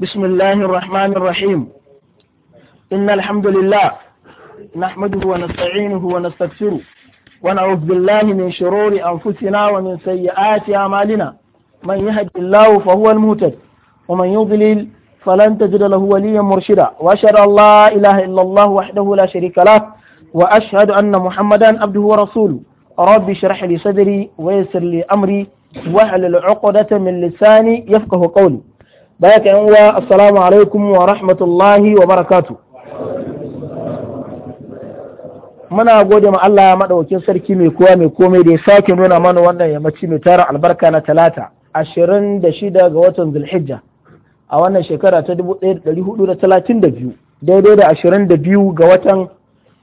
بسم الله الرحمن الرحيم إن الحمد لله نحمده ونستعينه ونستغفره ونعوذ بالله من شرور أنفسنا ومن سيئات أعمالنا من يهد الله فهو المهتد ومن يضلل فلن تجد له وليا مرشدا وأشهد أن لا إله إلا الله وحده لا شريك له وأشهد أن محمدا عبده ورسوله رب اشرح لي صدري ويسر لي أمري واحلل عقدة من لساني يفقه قولي baya ka yan uwa assalamu alaikum wa rahmatullahi wa barakatu muna gode ma Allah madaukakin sarki mai kowa mai komai da ya sake nuna mana wannan yammaci mai tara albarka na talata ashirin da shida ga watan zulhijja a wannan shekara ta dubu ɗaya da ɗari hudu da talatin da biyu daidai da ashirin da biyu ga watan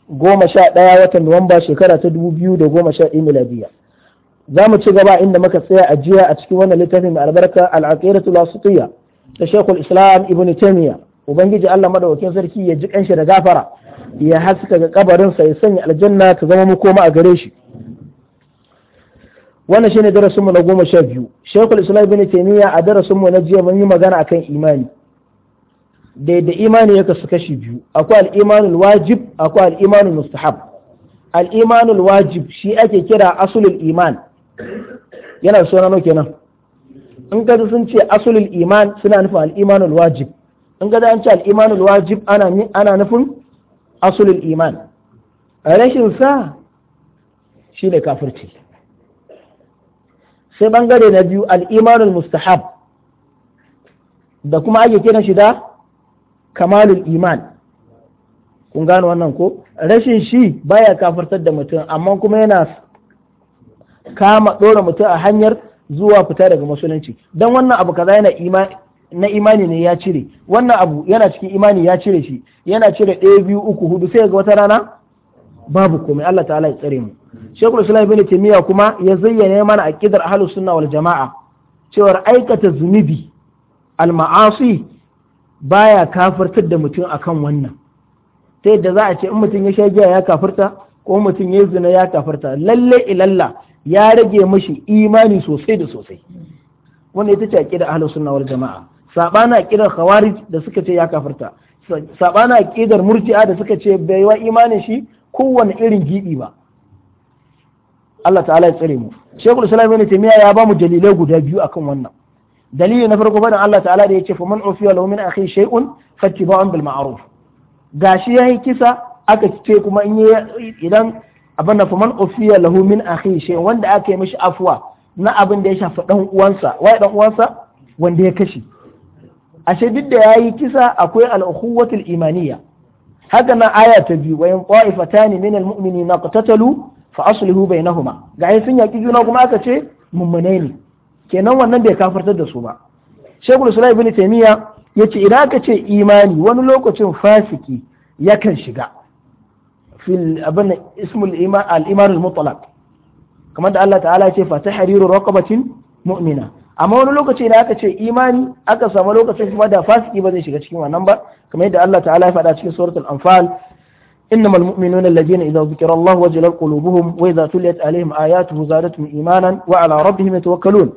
goma sha ɗaya watan nuwamba shekara ta dubu biyu da goma sha ɗaya miladiya za mu ci gaba inda muka tsaya a jiya a cikin wannan littafin mai albarka al'aqiratul wasitiyya da shekul islam ibn ubangiji Allah madawakin sarki ya ji kanshi da gafara ya haska ga kabarin ya sanya aljanna ta zama makoma a gare shi wannan shine darasin mu na goma sha biyu shekul islam ibn a darasin mu na jiya mun yi magana akan imani da da imani ya kasu kashi biyu akwai al-imanul wajib akwai al-imanul mustahab al-imanul wajib shi ake kira asulul iman yana da suna kenan in ka sun ce asulul iman suna nufin al'imanul wajib in ga an ce al'imanul wajib ana nufin asulul iman rashin sa ne kafirci sai bangare na biyu al mustahab da kuma ake kiran shi da kamalul iman kun gano wannan ko rashin shi baya kafirtar da mutum amma kuma yana kama ɗora mutum a hanyar zuwa fita daga musulunci dan wannan abu kaza yana na imani ne ya cire wannan abu yana cikin imani ya cire shi yana cire ɗaya biyu uku hudu sai ga wata rana babu komai Allah ta'ala ya tsare mu Sheikhul Islam Ibn Taymiyyah kuma ya zayyana mana aqidar ahlus sunna wal jama'a cewar aikata zunubi al baya kafartar da mutum akan wannan ta yadda za a ce in mutum ya sha giya ya kafirta ko mutum ya zina ya kafirta lalle ilalla ya rage mashi imani sosai da sosai wannan ita ce aqida ahlus sunna wal jamaa sabana aqidar khawarij da suka ce ya kafirta sabana aqidar murji'a da suka ce bai wa imanin shi kowanne irin gibi ba Allah ta'ala ya tsare mu Sheikhul Islam Ibn Taymiyyah ya ba mu dalilai guda biyu akan wannan dalili na farko bana Allah ta'ala da yace fa man ufiya lahu min akhi shay'un fattiba'un bil ma'ruf gashi yayi kisa aka ce kuma in idan abin da faman ufiya lahu min akhi shay wanda aka yi mishi afwa na abin da ya shafi dan uwansa wai dan uwansa wanda ya kashi ashe duk da yayi kisa akwai al-ukhuwatul imaniyya haka nan aya ta biyu wa in qa'ifatan min al-mu'minina qatatalu fa aslihu bainahuma ga sun yaki juna kuma aka ce mummunai ne kenan wannan bai kafartar da su ba shekul sulai ibn taymiya yace idan aka ce imani wani lokacin fasiki yakan shiga fil al-imar al-mutlaq kamar Allah ta'ala ya ce fa tahriru raqabatin mu'mina amma wani lokaci da aka ce imani aka samu lokacin kuma da fasiki ba zai shiga cikin wannan ba kamar yadda Allah ta'ala ya faɗa cikin suratul anfal إنما المؤمنون الذين إذا ذكر الله وجلت قلوبهم وإذا تليت عليهم آياته زادتهم إيمانا وعلى ربهم يتوكلون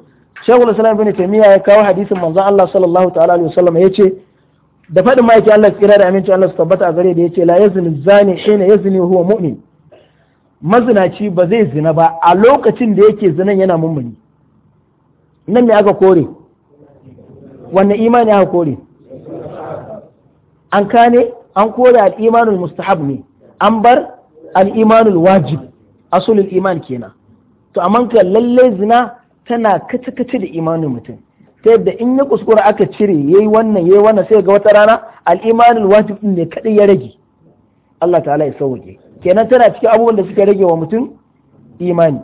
شيخ الإسلام بن تيمية يكاو حديث من الله صلى الله تعالى عليه وسلم يتشي da faɗin yake Allah tsira da aminci Allah su tabbata a gare da yace la yazni zani hina yazni huwa mu'min mazinaci ba zai zina ba a lokacin da yake zinan yana mummuni nan me aka kore wanne imani aka kore an kane an kore al-imanul mustahab ne an bar al-imanul wajib asulul iman kenan to amma kan lalle zina tana kace-kace da imanin mutum ta yadda in ya kuskura aka cire yayi wannan yayi wannan sai ga wata rana al wajib din ne kadai ya rage Allah ta'ala ya sauke kenan tana cikin abubuwan da suka rage wa mutum imani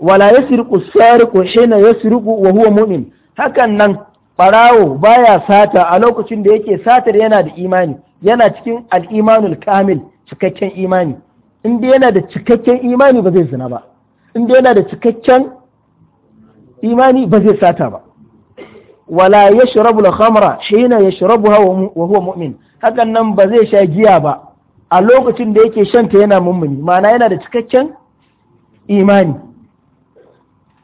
wala yasriqu sariqu ya yasriqu wa huwa mu'min hakan nan barawo baya sata a lokacin da yake satar yana da imani yana cikin al'imanul kamil cikakken imani in dai yana da cikakken imani ba zai zina ba in dai yana da cikakken imani ba zai sata ba wala yashrabu al-khamra shayna yashrabuha wa huwa mu'min hakan nan ba zai sha giya ba a lokacin da yake shanta yana mummuni ma'ana yana da cikakken imani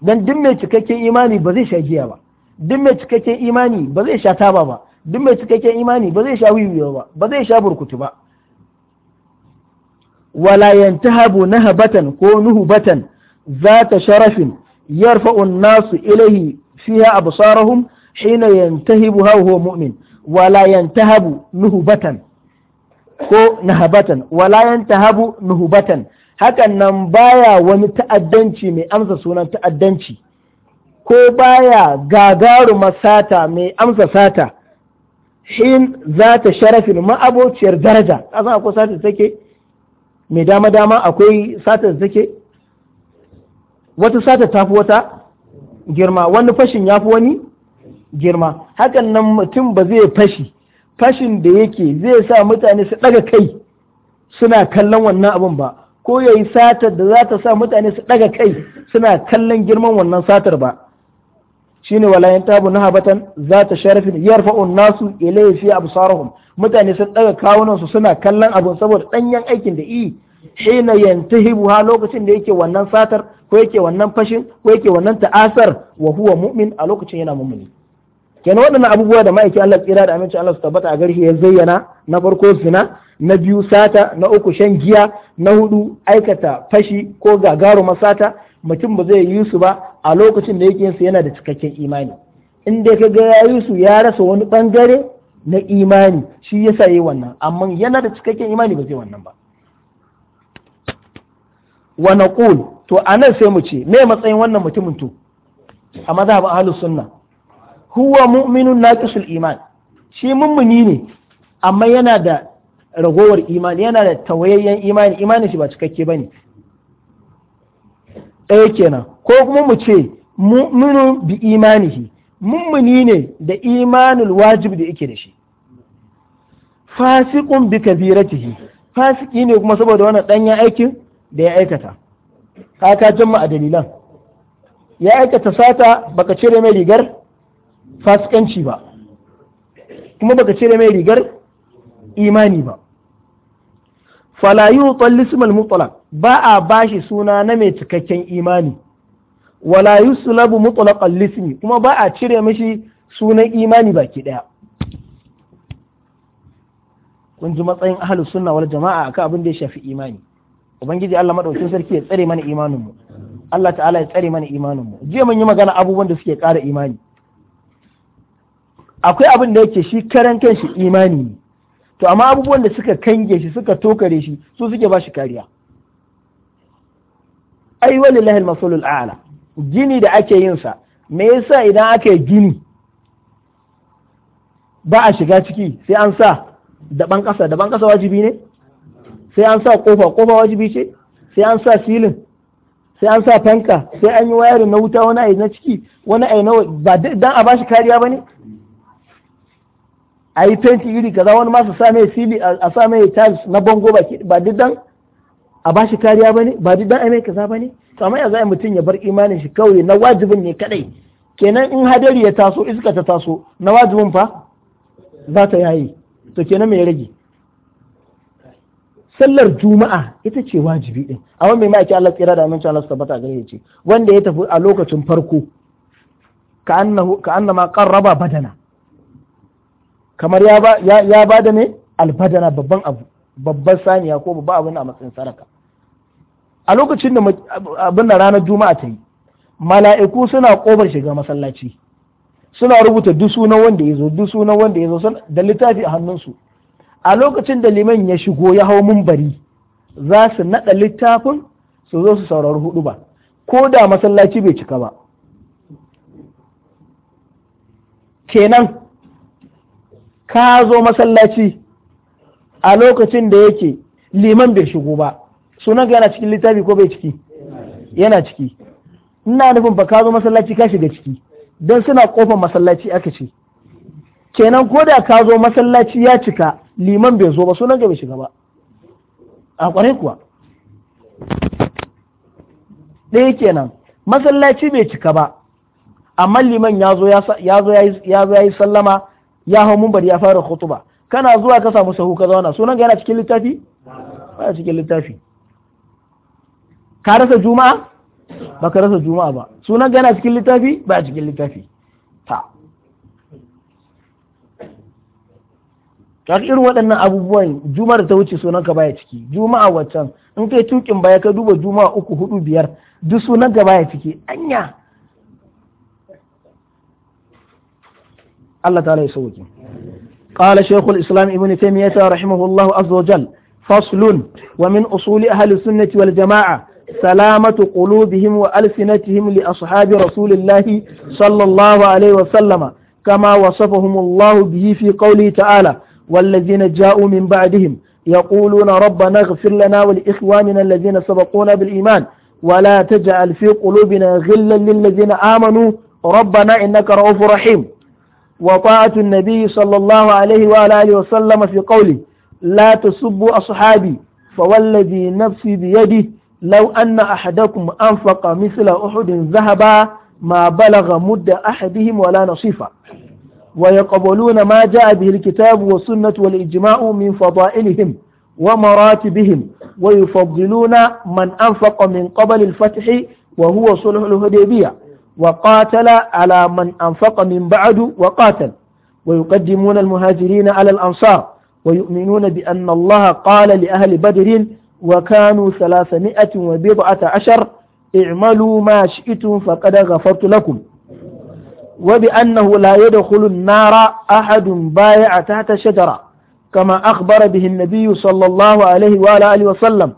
dan duk mai cikakken imani ba zai sha giya ba duk mai cikakken imani ba zai sha taba ba duk mai cikakken imani ba zai sha wiwiyo ba ba zai sha burkutu ba wala yantahabu nahabatan ko nuhubatan zata sharafin yarfa'u an-nasu ilayhi fiha absarahum hina ينتهب ha مؤمن ولا wala نهبة nuhubatan ko nahabatan wala yantahabu nuhubatan hakan nan baya wani ta'addanci mai amsa sunan ta'addanci ko baya gagaruma sata mai amsa sata hin za ta sharafin ma'abociyar daraja kasan akwai sata da take mai dama dama akwai sata da take wata sata ta fi wata girma wani fashin ya fi wani girma hakan nan mutum ba zai fashi fashin da yake zai sa mutane su ɗaga kai suna kallon wannan abin ba ko ya yi satar da za ta sa mutane su ɗaga kai suna kallon girman wannan satar ba Shi ne walayin tabu na habatan za ta sharafin yarfa'un nasu ilayhi fi mutane sun ɗaga kawunan su suna kallon abin saboda ɗanyen aikin da iyi hina yantahibu ha lokacin da yake wannan satar ko yake wannan fashin ko yake wannan ta'asar wa huwa mu'min a lokacin yana mu'mini kenan waɗannan abubuwa da ma'aikin Allah tsira da amincin Allah su tabbata a garshi ya zayyana na farko zina na biyu sata na uku shan giya na hudu aikata fashi ko gagaruma sata mutum ba zai yi su ba a lokacin da yake su yana da cikakken imani in dai ka ga yayi su ya rasa wani bangare na imani shi yasa yayi wannan amma yana da cikakken imani ba zai wannan ba wa naqul to anan sai mu ce me matsayin wannan mutumin to a mazhabin ahlus sunna huwa mu'minun naqisul iman shi mummuni ne amma yana da ragowar imani yana da tawayayyen imani imanin shi ba cikakke bane ɗaya kenan ko kuma mu ce mu'minun bi imanihi mummuni ne da imanul wajib da yake da shi fasiqun bi kabiratihi fasiki ne kuma saboda wannan danyen aikin da ya aikata ka ka jama a dalilan ya aikata sata baka cire mai rigar fasikanci ba kuma baka cire mai rigar imani ba falayu yutal lismal ba a bashi suna na mai cikakken imani wala yuslabu mutlaqal lismi kuma ba a cire mashi sunan imani baki daya kun ji matsayin ahalus sunna wal jama'a akan abin da ya shafi imani ubangiji Allah madaukakin sarki ya tsare mana imanin mu Allah ta'ala ya tsare mana imanin mu jiya mun yi magana abubuwan da suke ƙara imani akwai abin da yake shi karan kanshi imani ne to amma abubuwan da suka kange shi suka tokare shi su suke ba shi kariya ai wani lahil masulul a'la gini da ake yin sa me yasa idan aka yi gini ba a shiga ciki sai an sa daban kasa daban kasa wajibi ne sai an sa kofa kofa wajibi ce sai an sa silin sai an sa fanka sai an yi wayarin na wuta wani ai na ciki wani ai na ba dan a ba shi kariya bane a yi fenti iri kaza wani masu sa mai fili a sa mai tiles na bango ba diddan a bashi kariya ba ne ba diddan a mai kaza ba ne to amma ya za mutum ya bar imanin shi kawai na wajibin ne kadai kenan in hadari ya taso iska ta taso na wajibin fa za ta yayi to kenan mai rage sallar juma'a ita ce wajibi din amma mai maki Allah tsira da aminci Allah tabbata gare ya ce wanda ya tafi a lokacin farko ka annama qarraba badana kamar ya ba da ne albadana babban abu babban saniya ko babban abin a matsayin saraka a lokacin da abin da ranar juma'a ta yi mala'iku suna kobar shiga masallaci suna rubuta duk sunan wanda ya zo duk sunan wanda ya zo da littafi a hannunsu a lokacin da liman ya shigo ya hau mumbari za su naɗa littafin su zo su saurari hudu ba ko da masallaci bai cika ba kenan ka zo masallaci a lokacin da yake liman bai shigo ba sunan ka yana cikin littafi ko bai ciki yana ciki ina nufin ba ka zo masallaci ka shiga ciki don suna kofar masallaci aka ce kenan ko da ka zo masallaci ya cika liman bai zo ba sunan ka bai shiga ba a kwarai kuwa ɗaya kenan masallaci bai cika ba amma liman ya zo ya yi sallama ya hau mumbar ya fara khutba kana zuwa ka samu sahu ka zauna sunan ga yana cikin littafi ba cikin littafi ka rasa juma'a ba ka rasa juma'a ba sunan ga yana cikin littafi ba cikin littafi ta kaka irin waɗannan abubuwan da ta wuce sunan ka baya ciki juma'a waccan in kai tukin baya ka duba juma'a uku hudu biyar duk sunan ka baya ciki anya الله تعالى ya قال شيخ الإسلام ابن تيمية رحمه الله عز وجل فصل ومن أصول أهل السنة والجماعة سلامة قلوبهم وألسنتهم لأصحاب رسول الله صلى الله عليه وسلم كما وصفهم الله به في قوله تعالى والذين جاءوا من بعدهم يقولون ربنا اغفر لنا ولإخواننا الذين سبقونا بالإيمان ولا تجعل في قلوبنا غلا للذين آمنوا ربنا إنك رؤوف رحيم وطاعة النبي صلى الله عليه وعلى آله وسلم في قوله لا تسبوا أصحابي فوالذي نفسي بيده لو أن أحدكم أنفق مثل أحد ذهبا ما بلغ مد أحدهم ولا نصيفا ويقبلون ما جاء به الكتاب والسنة والإجماع من فضائلهم ومراتبهم ويفضلون من أنفق من قبل الفتح وهو صلح الهديبية وقاتل على من أنفق من بعد وقاتل ويقدمون المهاجرين على الأنصار ويؤمنون بأن الله قال لأهل بدر وكانوا ثلاثمائة وبضعة عشر اعملوا ما شئتم فقد غفرت لكم وبأنه لا يدخل النار أحد بايع تحت شجرة كما أخبر به النبي صلى الله عليه وآله وسلم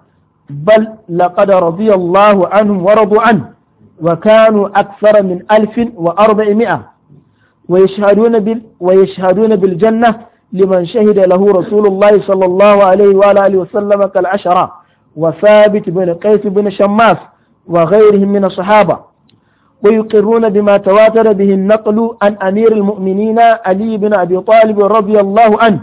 بل لقد رضي الله عنهم ورضوا عنه وكانوا أكثر من ألف وأربعمائة ويشهدون, بال ويشهدون بالجنة لمن شهد له رسول الله صلى الله عليه وآله وسلم كالعشرة وثابت بن قيس بن شماس وغيرهم من الصحابة ويقرون بما تواتر به النقل عن أمير المؤمنين علي بن أبي طالب رضي الله عنه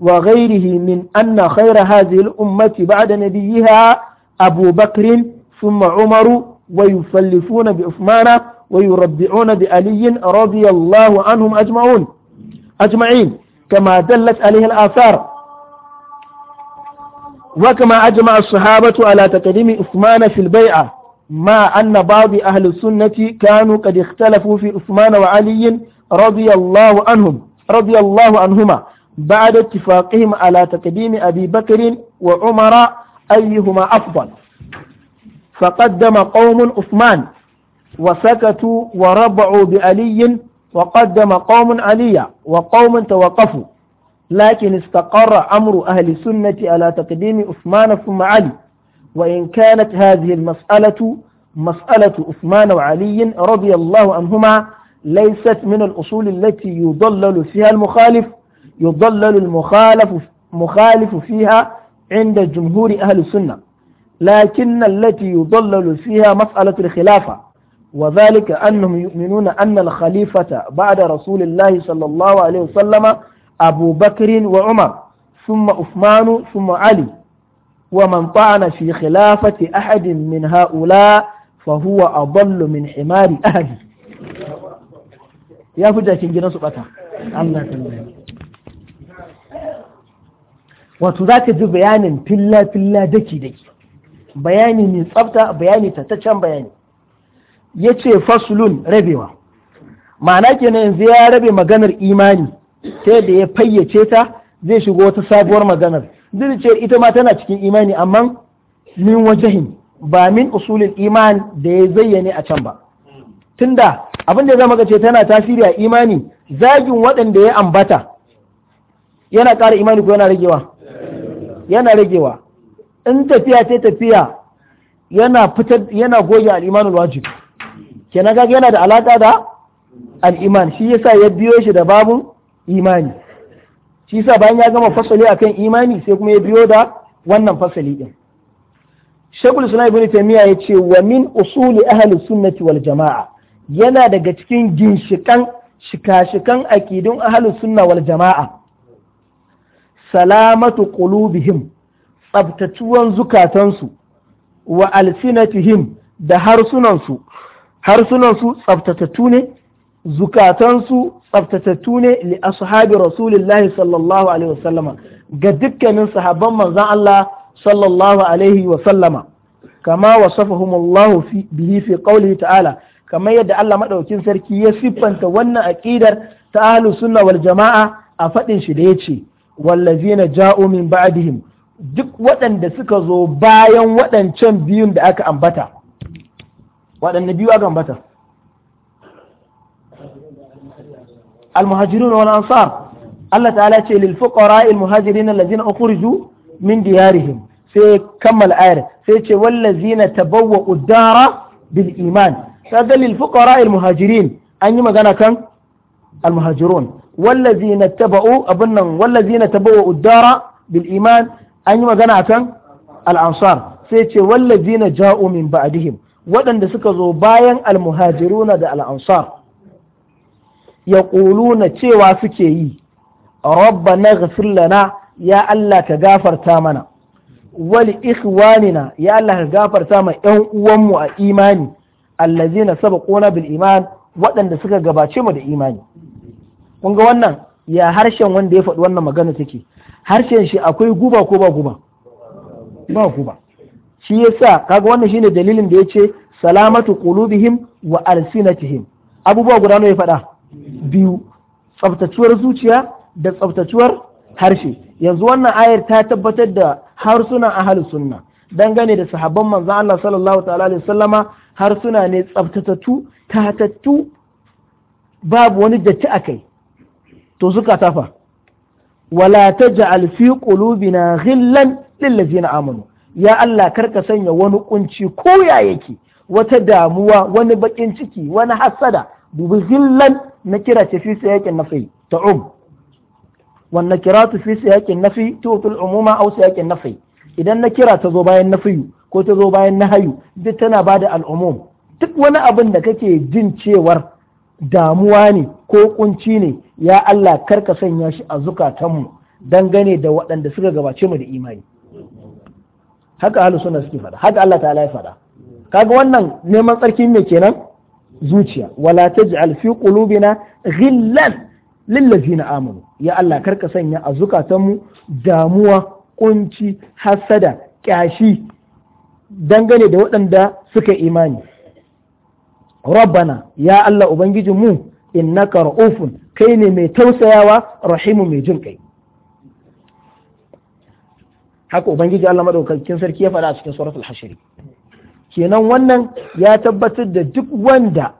وغيره من أن خير هذه الأمة بعد نبيها أبو بكر ثم عمر ويفلفون بعثمان ويربعون بألي رضي الله عنهم أجمعون أجمعين كما دلت عليه الآثار وكما أجمع الصحابة على تقديم عثمان في البيعة مع أن بعض أهل السنة كانوا قد اختلفوا في عثمان وعلي رضي الله عنهم رضي الله عنهما بعد اتفاقهم على تقديم أبي بكر وعمر أيهما أفضل فقدم قوم عثمان وسكتوا وربعوا بعلي وقدم قوم عليا وقوم توقفوا لكن استقر أمر أهل السنة على تقديم عثمان ثم علي وإن كانت هذه المسألة مسألة عثمان وعلي رضي الله عنهما ليست من الأصول التي يضلل فيها المخالف يضلل المخالف مخالف فيها عند جمهور أهل السنة لكن التي يضلل فيها مسألة الخلافة وذلك أنهم يؤمنون أن الخليفة بعد رسول الله صلى الله عليه وسلم أبو بكر وعمر ثم عثمان ثم علي ومن طعن في خلافة أحد من هؤلاء فهو أضل من حمار أهله يا فجأة جنس بطا الله تنبيه wato za ka ji bayanin filla-filla daki-daki bayani mai tsafta bayani can bayani ya ce fasulun rabewa ma'ana kenan yanzu ya rabe maganar imani ta da ya fayyace ta zai shigo wata sabuwar maganar zai ce ita ma tana cikin imani amma min wajahin ba min usulin iman da ya zayyane a can ba tunda abin da zama ce tana tasiri a imani zagin waɗanda ya ambata yana ƙara imani ko yana ragewa yana ragewa in tafiya ta tafiya yana fitar yana goge al'imanul wajib kenan kaga yana da alaka da al'iman shi yasa ya biyo shi da babu imani shi yasa bayan ya gama fasali akan imani sai kuma ya biyo da wannan fasali ɗin. shekul islam ibn taymiya ya ce wa min usuli ahli sunnati wal jama'a yana daga cikin ginshikan shika-shikan akidun ahli sunna wal jama'a salamatu qulubihim tsabtaciwan zukatansu wa alsinatihim da harsunansu harsunansu tsabtatattu ne zukatansu tsabtatattu ne li ashabi rasulillahi sallallahu alaihi wasallama ga dukkanin sahabban manzon Allah sallallahu alaihi wasallama kama wasafahum Allah fi bihi fi qawlihi ta'ala kamar yadda Allah madaukin sarki ya siffanta wannan aqidar ta ahlus sunna wal jama'a a fadin shi da yace wallazina ja'u min ba'dihim duk waɗanda suka zo bayan waɗancan biyun da aka ambata waɗanda biyu aka ambata almuhajirun wal ansar Allah ta'ala ce lil fuqara al muhajirin allazina ukhriju min diyarihim sai kammal ayar sai ce wallazina tabawwa'u dara bil iman kaga lil fuqara al an yi magana kan al muhajirun abun nan dara bil iman an yi magana akan Al'ansar. sai ce wallazina ja'u min ba'dihim waɗanda suka zo bayan al-muhajiruna da al-ansar na cewa suke yi rabbana ghfir lana ya Allah ka gafarta mana wali ikhwanina ya Allah ka gafarta ma ƴan uwanmu a imani allazina sabaquna bil iman waɗanda suka gabace mu da imani kun ga wannan ya harshen wanda ya faɗi wannan magana take harshen shi akwai guba ko ba guba ba guba shi yasa kaga wannan shine dalilin da yace salamatu qulubihim wa alsinatihim abubuwa guda nawa ya faɗa biyu tsaftacuwar zuciya da tsaftacuwar harshe yanzu wannan ayar ta tabbatar da harsunan ahlus sunna dangane da sahabban manzon Allah sallallahu ta'ala alaihi sallama harsuna ne tsaftatattu tatattu babu wani datti akai to suka tafa wala taj'al fi qulubina ghillan lil ladzina amanu ya Allah kar ka sanya wani kunci ko ya yake wata damuwa wani bakin ciki wani hasada dubi ghillan na kira ce fi sayakin nafi ta'um wan nakiratu fi sayakin nafi tutul umuma aw sayakin nafi idan na kira ta zo bayan nafiyu ko ta zo bayan hayu duk tana bada al'umum duk wani abin da kake jin cewar damuwa ne ko kunci ne ya Allah karka sanya shi a zukatanmu dangane da waɗanda suka gabace mu da imani haka ahlus suna suke fada haka Allah ta'ala ya faɗa kaga wannan neman tsarki me kenan zuciya wala taj'al fi qulubina ghillan lillazina amanu ya Allah karka sanya a zukatanmu damuwa kunci hasada kyashi dangane da waɗanda suka imani rabbana ya Allah ubangijinmu innaka ra'ufun kai ne mai tausayawa rahimu mai jin kai haka ubangiji Allah madaukakin sarki ya faɗa a cikin suratul hashiri kenan wannan ya tabbatar da duk wanda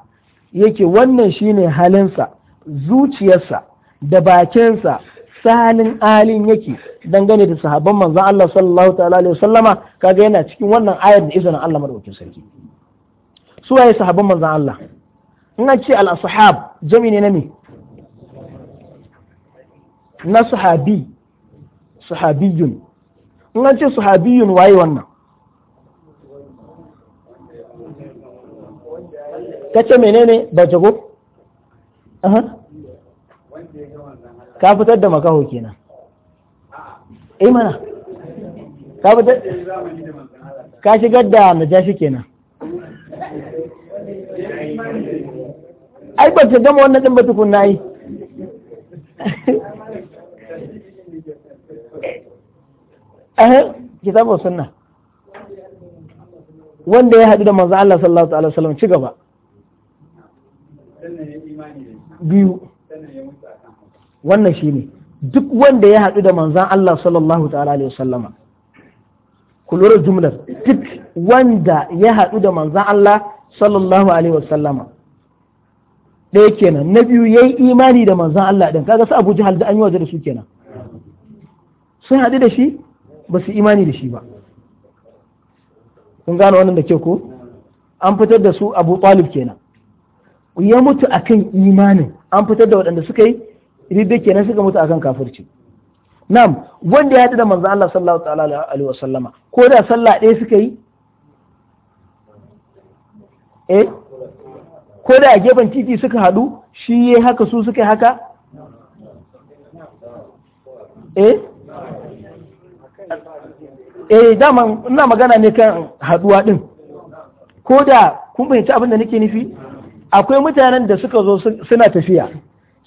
yake wannan shine halinsa zuciyarsa da bakinsa salin alin yake dangane da sahabban manzon Allah sallallahu ta'ala alaihi wasallama kaga yana cikin wannan ayar da izinin Allah madaukakin sarki su waye sahabban manzon Allah in an ce al-ashab jami ne na mi na suhabi, suhabiyun. in an ce suhabiyun waye wannan ka ce menene ba jago ka fitar da makaho kenan eh mana ka fitar ka shigar da najashi kenan ai ba ta gama wannan din ba tukunna yi eh kitabu sunna wanda ya hadu da manzo Allah sallallahu alaihi wasallam ci gaba biyu wannan shine duk wanda ya hadu da manzan Allah sallallahu ta'ala alaihi wasallama ku jumlar duk wanda ya hadu da manzan Allah sallallahu alaihi wasallama ɗaya kenan na biyu ya yi imani da manzan Allah ɗin. kaga su Abu jihar da an yi waje da su kenan sun haɗu da shi ba su imani da shi ba kun gano wannan da ke ko an fitar da su Abu Talib kenan ya mutu akan imanin an fitar da waɗanda suka yi ridda kenan suka mutu akan kafirci Nam, wanda ya haɗu da manzan Allah sallallahu alaihi ko da sallah ɗaya suka yi? Eh, ko da a gefen titi suka haɗu shi ya haka su suka haka eh eh dama ina magana ne kan haɗuwa ɗin ko da kun fahimci abin da nake nufi akwai mutanen da suka zo suna tafiya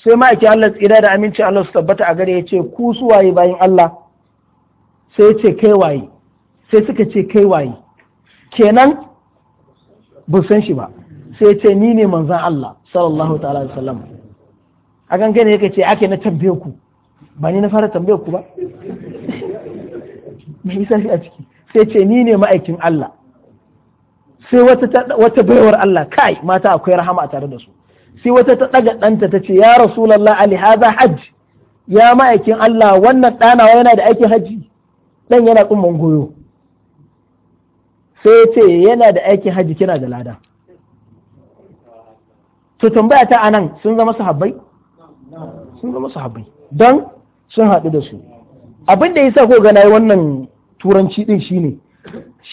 sai ma'aikin Allah tsira da aminci Allah su tabbata a gare ya ce ku su waye bayan Allah sai ce kai waye sai suka ce kai waye kenan ba san shi ba sai ya ce ni ne manzan Allah sallallahu ta'ala wa sallam a gangane yake ce ake na tambaye ku ba ni na fara tambaye ku ba mai isa shi a ciki sai ce ni ne ma'aikin Allah sai wata baiwar Allah kai mata akwai rahama a tare da su sai wata ta daga danta ta ce ya rasulallah ali haza hajj ya ma'aikin Allah wannan dana yana da aikin hajji dan yana kumman goyo sai ce yana da aikin hajji kina da lada to tambaya ta anan sun zama sahabbai sun zama sahabbai don sun haɗu da su abin da yasa ko gana wannan turanci din shine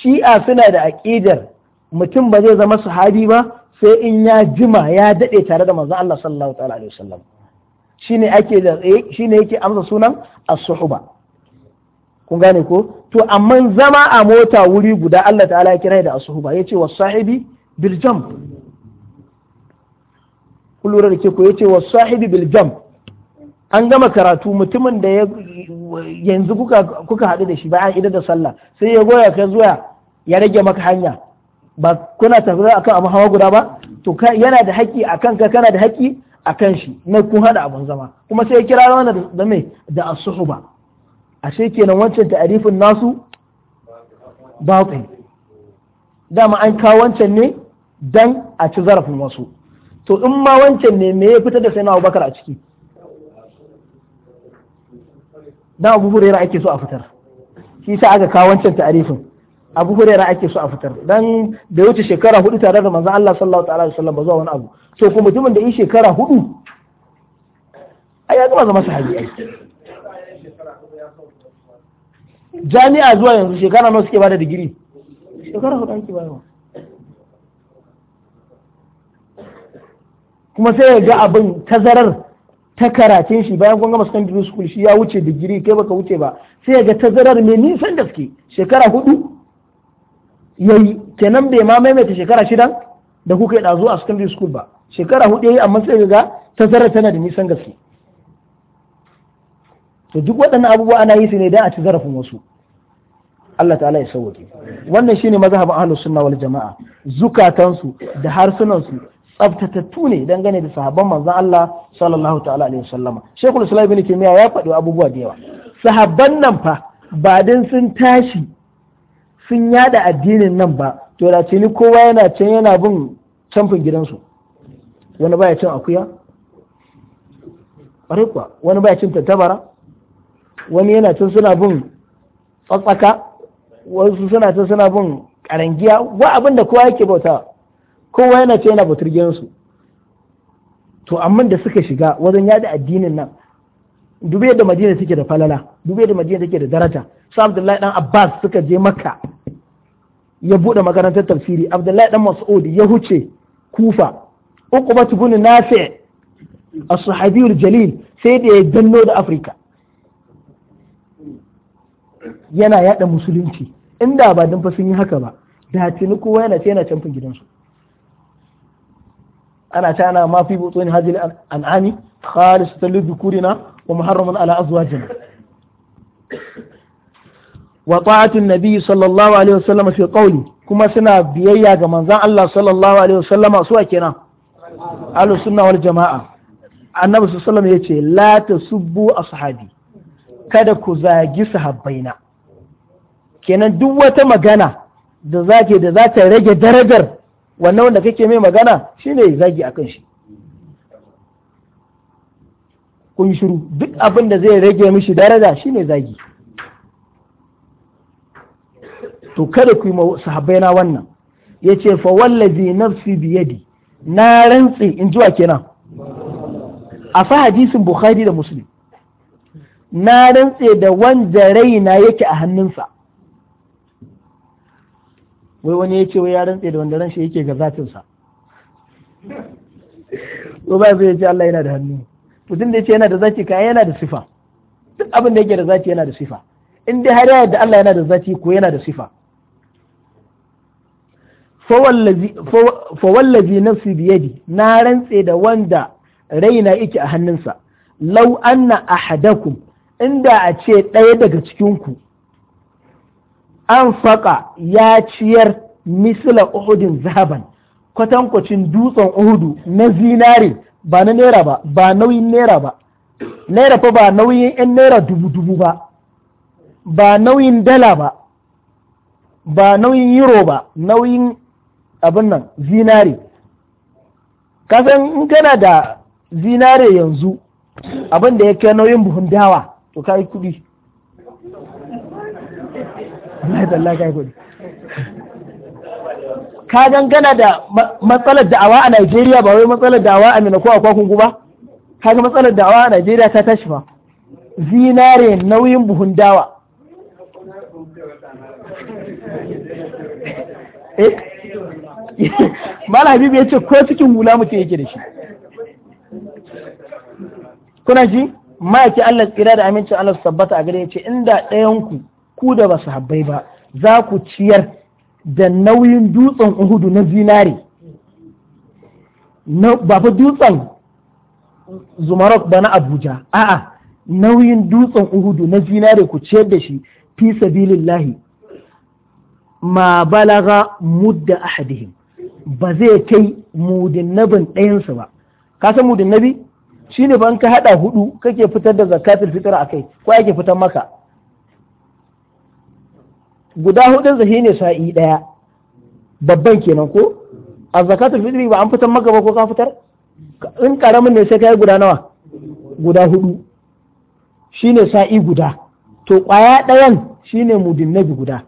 shi'a suna da aƙidar mutum ba zai zama sahabi ba sai in ya jima ya daɗe tare da manzon Allah sallallahu alaihi wasallam shine ake da yake amsa sunan as kun gane ko to amma zama a mota wuri guda Allah ta'ala ya kira da as ya ce was sahibi bil jamb kun da ke ko ce wa sahibi biljam an gama karatu mutumin da yanzu kuka kuka haɗu da shi bayan idan da sallah sai ya goya ka zuwa ya rage maka hanya ba kuna tafi akan abu hawa guda ba to yana da haƙƙi akan ka kana da haƙƙi akan shi na kun haɗa abun zama kuma sai ya kira wani da mai da as ashe kenan wancan ta'arifin nasu batil dama an kawo wancan ne dan a ci zarafin wasu to in ma wancan ne me ya fitar da sai na abubakar a ciki dan abu hurera ake so a fitar shi sai aka kawo wancan ta'arifin abu hurera ake so a fitar dan da wuce shekara hudu tare da manzon Allah sallallahu ta'ala alaihi wasallam ba zuwa wani abu to kuma mutumin da yi shekara hudu ai ya zama zama sahabi ai jami'a zuwa yanzu shekara nawa suke bada digiri shekara hudu ake bayarwa kuma sai ya ga abin tazarar ta karatun shi bayan kun gama secondary school shi ya wuce digiri kai baka wuce ba sai ya ga tazarar mai nisan gaske shekara hudu ya yi kenan bai ma maimaita shekara shidan da kuka yi ɗazu a secondary school ba shekara hudu ya yi amma sai ya ga tazarar tana da nisan gaske to duk waɗannan abubuwa ana yi su ne don a ci zarafin wasu Allah ta'ala ya sauwake wannan shine mazhabin ahlus sunna wal jama'a zukatansu da harsunansu tsaftatattu ne dangane da sahabban manzon Allah sallallahu ta'ala alaihi sallama shekul islam ibn taymiya ya faɗi abubuwa da yawa sahabban nan fa ba dan sun tashi sun yada addinin nan ba to da ni kowa yana can yana bin canfin gidansu wani baya cin akuya ƙwarai kuwa wani baya cin tattabara wani yana can suna bin tsatsaka wasu suna can suna bin karangiya wa abin da kowa yake bautawa. kowa yana ce yana baturgensu to amma da suka shiga wajen yada addinin nan dubi yadda madina take da falala dubi yadda madina take da daraja su abdullahi dan abbas suka je makka ya bude makarantar tafsiri abdullahi dan mas'ud ya huce kufa Uku ba ibn nafi' as-sahabi al-jalil sai da ya danno da afirka yana yada musulunci inda ba dan fa sun yi haka ba da tuni kowa yana ce yana canfin gidansu ana ta ana ma fi butun hadil an'ami khalisatan lidhukurina wa muharramun ala azwajina wa ta'atun nabi sallallahu alaihi wasallam fi qawli kuma suna biyayya ga manzon Allah sallallahu alaihi wasallama su a kenan ahlus sunna wal jamaa annabi sallallahu alaihi wasallam yace la tasubbu ashabi kada ku zagi sahabbaina kenan duk wata magana da zake da za ta rage darajar wannan wanda kake mai magana shine ya zagi akan shi kun shiru duk abin da zai rage mishi daraja shine zagi to kada ku yi sahabbai na wannan ya ce fa wallazi nafsi biyadi na rantsi in zuwa kenan a fa hadisin bukhari da muslim na rantse da wanda raina yake a hannunsa wai wani ya ce wai ya rantse da wanda ran shi yake ga zatinsa ko ba zai ce Allah yana da hannu Mutum da da ce yana da zafi kai yana da sifa duk abin da yake da zafi yana da sifa in dai har yadda Allah yana da zafi ko yana da sifa fa wallazi nafsi biyadi na rantse da wanda raina yake a hannunsa law anna ahadakum inda a ce ɗaya daga cikin ku an faƙa ya ciyar misila uhudin zahaban kwatankwacin dutsen uhudu na zinare ba na naira ba ba nauyin naira ba naira fa ba nauyin yan naira dubu dubu ba ba nauyin dala ba ba nauyin euro ba nauyin abin nan zinare kasan in kana da zinare yanzu abin da ya kai nauyin buhun dawa to kai kuɗi Allah da Allah kai gode ka gangana da matsalar da'awa a Najeriya ba wai matsalar da'awa a Mina ko a guba? ka ga matsalar da'awa a Najeriya ta tashi ba zinare nauyin buhun dawa eh, Mala Habibu ya ce ko cikin hula mutum yake da shi. Kuna ji? Ma'aiki Allah tsira da amincin Allah su tabbata a gare ya ce inda ku. ku da ba habbai ba za ku ciyar da nauyin dutsen uhudu na zinare ba fa dutsen zumarok ba na abuja a'a nauyin dutsen uhudu na zinare ku ciyar da shi fi sabilillahi ma balaga mudda ahadihim ba zai kai mudin nabin ɗayansu ba ka san mudin nabi shine ban ka haɗa hudu kake fitar da zakatul a kai? ko ake fitar maka guda hudun zahi ne sa'i daya babban kenan ko a zakatul fitri ba an fitar maka ba ko ka fitar in karamin ne sai kai guda nawa guda hudu shine sa'i guda to kwaya dayan shine mudin nabi guda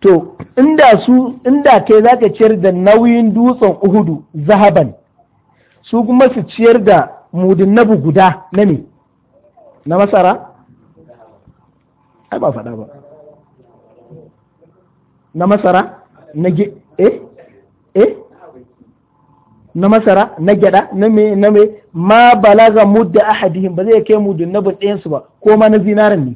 to inda su inda kai zaka ciyar da nauyin dutsen uhudu zahaban su kuma su ciyar da mudin nabi guda na me na masara ai ba fada ba na masara na ge eh eh na masara na gyada na me na me ma balaga mudda ahadihim ba zai kai mudun na bin su ba ko ma na zinarin ne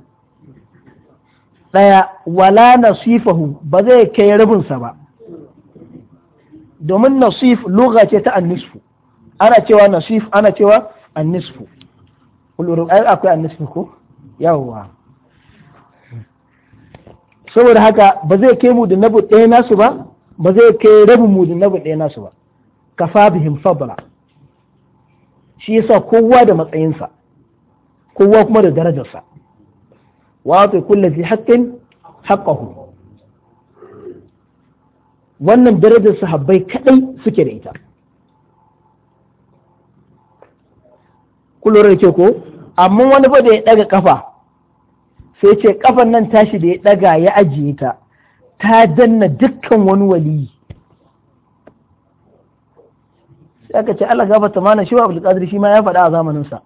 daya wala nasifahu ba zai kai rabin sa ba domin nasif lugha ce ta annisfu ana cewa nasif ana cewa annisfu akwai annisfu ko yawwa saboda haka ba zai kai da nabu ɗaya nasu ba ba zai kai rabin da nabu ɗaya nasu ba kafa bihim fabra shi yasa kowa da matsayinsa kowa kuma da darajarsa wa ta kulla fi haqqin haqqahu wannan darajar sahabbai kadai suke da ita kullum da ke ko amma wani ba da ya daga kafa sai ce kafan nan tashi da ya ɗaga ya ajiye ta ta danna dukkan wani wali. sai aka ce Allah ta mana shi wa Abdul shi ma ya faɗa a zamanin sa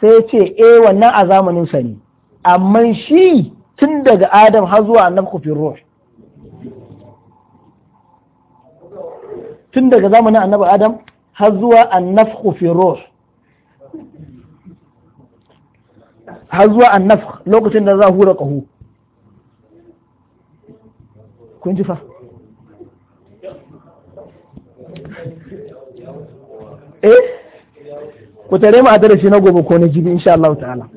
sai ce eh wannan a zamanin sa ne amma shi tun daga Adam har zuwa annabi kufin ruh tun daga zamanin annabi Adam har zuwa fi ruh har zuwa annaf lokacin da za a hura ƙahu kun ji fa eh ku tare mu a darasi na gobe ko na jibi insha Allah ta'ala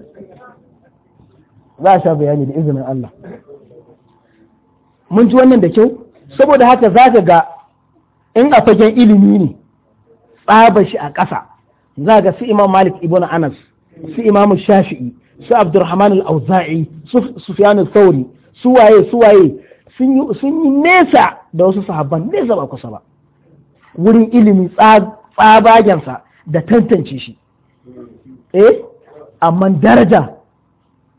za a sha bayani da izinin Allah mun ji wannan da kyau saboda haka za ka ga in a fagen ilimi ne tsaba shi a ƙasa za ga su imam malik ibn anas su imamu shafi'i su abdurrahman al-auza'i su sufyan al-thawri su waye su waye sun yi nesa da wasu sahabban nesa ba kusa ba wurin ilimi tsabagensa da tantance shi eh amma daraja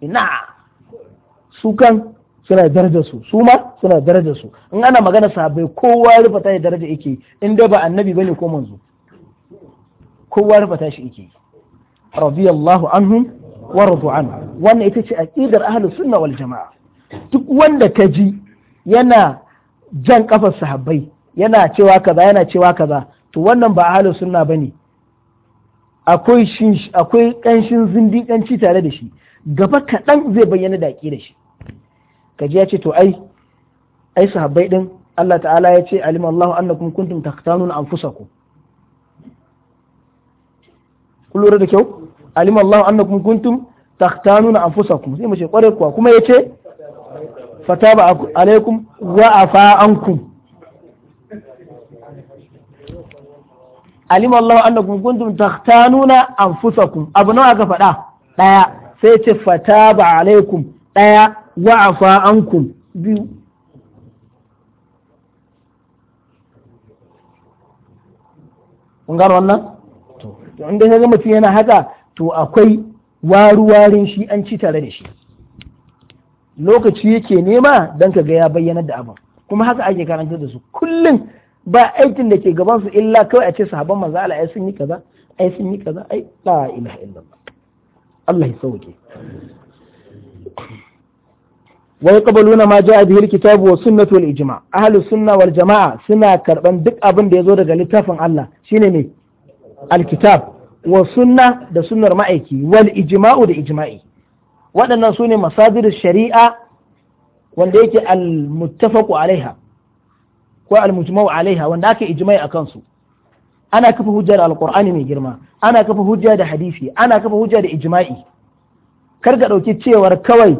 ina su kan suna daraja su su ma suna daraja su in ana magana sahabbai kowa ya rufa ta daraja yake in ba annabi bane ko manzo kowa rufa shi yake yi radiyallahu anhum wa radu an wannan ita ce aqidar ahlus sunna wal jamaa duk wanda ka ji yana jan kafar sahabbai yana cewa kaza yana cewa kaza to wannan ba ahlus sunna bane akwai shin akwai kanshin zindiƙanci tare da shi gaba kaɗan zai bayyana da da shi kaji ya ce to ai ai sahabbai din Allah ta'ala ya ce alim Allah annakum kuntum taqtanun anfusakum kullu lura da kyau alim Allah annakum kuntum takhtanuna anfusakum sai mace kware kuwa kuma yace fataba alaikum wa afa ankum alim Allah annakum kuntum takhtanuna anfusakum abu nawa ka faɗa daya sai ce fataba alaikum daya wa afa ankum biyu kun gano wannan to inda ka ga mutum yana haka to akwai warin shi an ci tare da shi lokaci yake nema don ka ga ya bayyanar da abin kuma haka ake karanta da su kullum ba aikin da ke gaban su illa kawai a ce sahabban manzo Allah ai sun yi kaza ai sun yi kaza ai la ilaha illallah Allah ya sauke wa yaqbaluna ma jaa bihi alkitab wa sunnatu wal ijma ahli sunna wal jamaa suna karban duk abin da yazo daga littafin Allah shine ne alkitab wa sunna da sunnar ma'aiki wal ijma'u da ijma'i waɗannan su ne masadir shari'a wanda yake al-muttafaqu alaiha ko al-mujma'u alaiha wanda aka ijma'i a kansu ana kafa hujja da qurani mai girma ana kafa hujja da hadisi ana kafa hujja da ijma'i kar ka ɗauki cewar kawai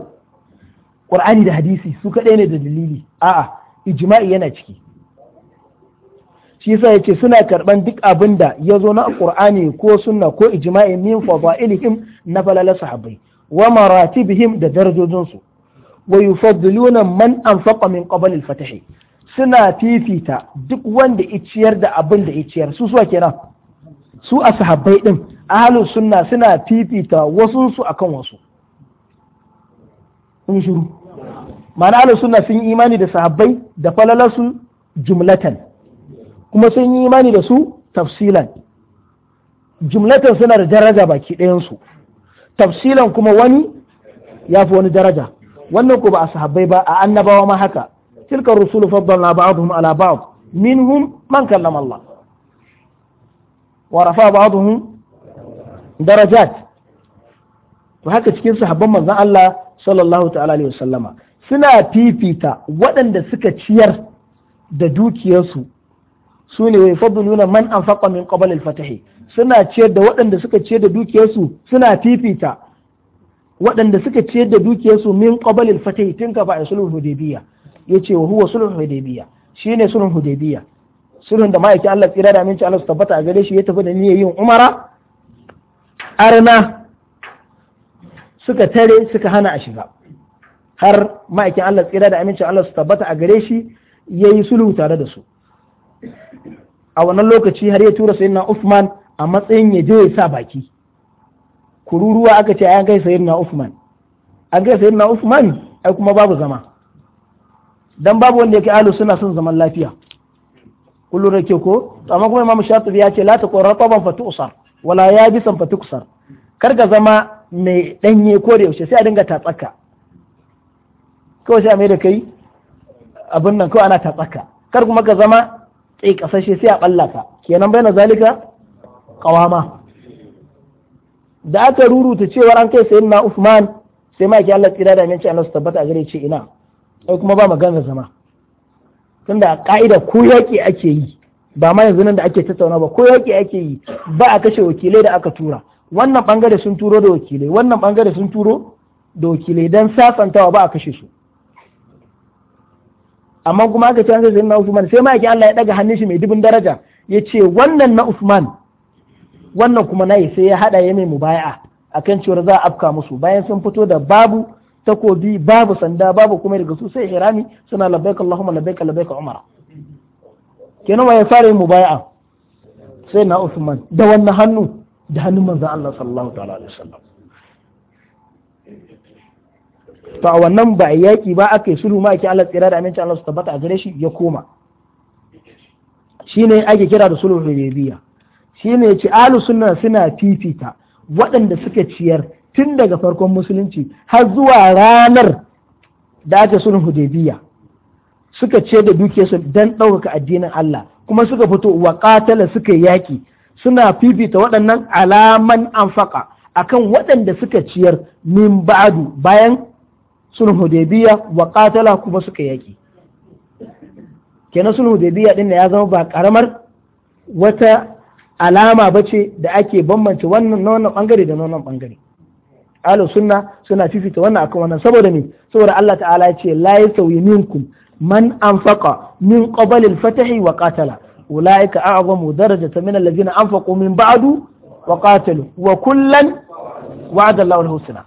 qur'ani da hadisi su kadai ne da dalili a'a ijma'i yana ciki shi yasa yace suna karban duk abin da ya zo na alqur'ani ko sunna ko ijma'i min fadailihim na falala sahabbai wa maratibihim da darajojin su wa yufaddiluna man anfaqa min qabl al-fath suna fifita duk wanda ya ciyar da abin da ya ciyar su suwa kenan su a din ahlu sunna suna fifita wasu su akan wasu in shiru ma'ana ahlu sunna sun imani da sahabbai da falalarsu jumlatan kuma sun yi imani da su tafsilan jumlatan suna da daraja baki ɗayansu tafsilan kuma wani ya fi wani daraja wannan ko ba a sahabbai ba a annabawa ma haka tilka rusulu faddalna ba'dhum ala ba'd minhum man kallama Allah wa rafa ba'dhum darajat to haka cikin sahabban manzon Allah sallallahu ta'ala alaihi wasallama suna fifita waɗanda suka ciyar da dukiyarsu su ne wai fadluna man anfaqa min qabl al-fatahi suna ciyar da waɗanda suka ciyar da dukiyarsu suna fifita waɗanda suka ciyar da dukiyarsu min qabl al-fatahi tun ka ba sulhul hudaybiyya yace wa huwa sulhul hudaybiyya shine sulhul hudaybiyya sulhun da ma'aikin Allah tsira da aminci Allah su tabbata a gare shi ya tafi da niyyar yin umara arna suka tare suka hana a shiga har ma'aikin Allah tsira da aminci Allah su tabbata a gare shi yayi sulhu tare da su a wannan lokaci har ya tura sayyidina Uthman a matsayin ya je ya sa baki kururuwa aka ce an kai sayyidina Uthman an kai sayyidina Uthman ai kuma babu zama dan babu wanda yake alu suna son zaman lafiya kullu rake ko amma kuma Imam Shatibi ya ce la taqrataban fatu'sar wala yabisan fatuksar kar ka zama mai danye ko da yaushe sai a dinga tatsaka kawai sai a mai da kai abin nan kawai ana tatsaka kar kuma ka zama sai kasashe sai a ballaka kenan bai na zalika kawama da aka ruruta cewar an kai sayin na Usman sai ma ki Allah tsira da mace Allah su tabbata a gare ce ina sai kuma ba magana zama tunda ka'ida ko yaki ake yi ba ma yanzu nan da ake tattauna ba ko yaki ake yi ba a kashe wakilai da aka tura wannan bangare sun turo da wakilai wannan bangare sun turo da wakilai dan sasantawa ba a kashe su amma kuma aka ce an sai na Usman sai ma'aikin Allah ya daga hannun shi mai dubin daraja ya ce wannan na Usman wannan kuma nayi sai ya hada ya mai mubaya'a akan cewa za a afka musu bayan sun fito da babu takobi babu sanda babu kuma daga su sai hirami suna labbaik Allahumma labbaik labbaik Umar kenan ya fara yin mubaya'a sai na Usman da wannan hannu da hannun manzon Allah sallallahu ta'ala alaihi wasallam to a wannan ba a yaki ba aka yi sulhu ma ake Allah tsira da amincin Allah su tabbata a gare shi ya koma shine ake kira da sulhu hudaybiya shine yace alu sunna suna fifita waɗanda suka ciyar tun daga farkon musulunci har zuwa ranar da aka sulhu hudaybiya suka ce da dukiyarsu dan ɗaukaka addinin Allah kuma suka fito wa katala suka yaki suna fifita waɗannan alaman anfaka akan waɗanda suka ciyar min ba'adu bayan sulhu hudaybiya wa qatala kuma suka yaki kenan sulh hudaybiya din ya zama ba karamar wata alama bace da ake bambance wannan na wannan bangare da na wannan bangare ahlus sunna suna fifita wannan akan wannan saboda ne saboda Allah ta'ala ya ce la yasawi minkum man anfaqa min qabl al-fath wa qatala ulaika a'zamu darajatan min alladhina anfaqu min ba'du wa qatalu wa kullan wa'ada Allahu al-husna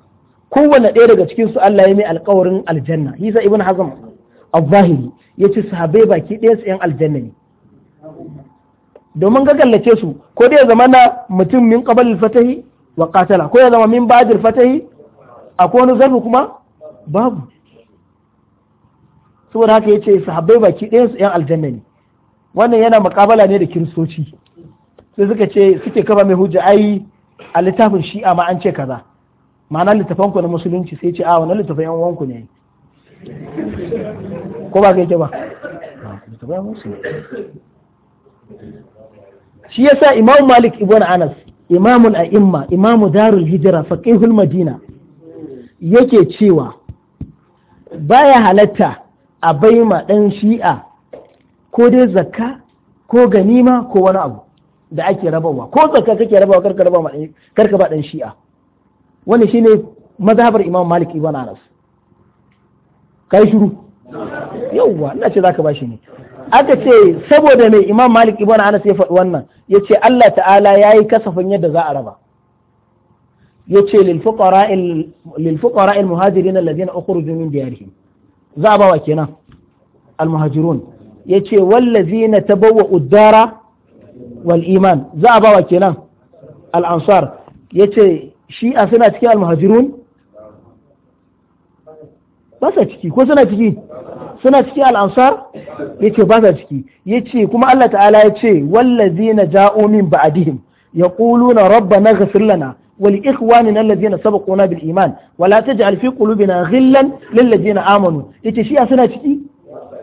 kowanne ɗaya daga cikin su Allah ya mai alƙawarin aljanna Isa ibn Hazm al-Zahiri yace sahabbai baki ɗaya su yan aljanna ne domin ga gallace su ko dai ya zama na mutum min qabal fatahi wa qatala ko ya zama min ba'd fatahi akwai wani zarfi kuma babu saboda haka yace sahabbai baki ɗaya su yan aljanna ne wannan yana muƙabala ne da kiristoci sai suka ce suke kafa mai hujja ai a littafin shi'a ma an ce kaza ma'ana littafan ku na musulunci sai ce a wani littafan yan uwanku ne ko ba kai ba ah, littafan musulunci shi yasa imam malik ibn anas imamul a'imma imamu darul hijira faqihul madina yake cewa baya halatta a baima dan shi'a ko dai zakka ko ganima ko wani abu da ake rabawa ko zakka kake rabawa karka rabawa ma karka ba dan shi'a wani shine mazhabar imam malik ibn anas kai shiru Yawwa! ina ce zaka bashi ne aka ce saboda mai imam malik ibn anas ya faɗi wannan ya ce Allah ta'ala ya yi kasafin yadda za a raba ya ce lilfuƙara il muhajiri na lazina ukuru min diyarihim za a ba wa kenan almuhajirun ya ce wallazina ta bawa wal iman za a ba wa kenan al ansar ya ce shi'a suna cikin almuhajirun ba sa ciki ko suna ciki suna ciki al'ansar ya ce ba sa ciki ya ce kuma Allah ta'ala ya ce wallazi na ja'o min ba'adihim ya ƙulu na rabba na gafir lana wali ikhwani na lalazi na saba ƙona bil iman wala ta ji alfi ƙulubi na ghillan lalazi na amanu ya ce shi'a suna ciki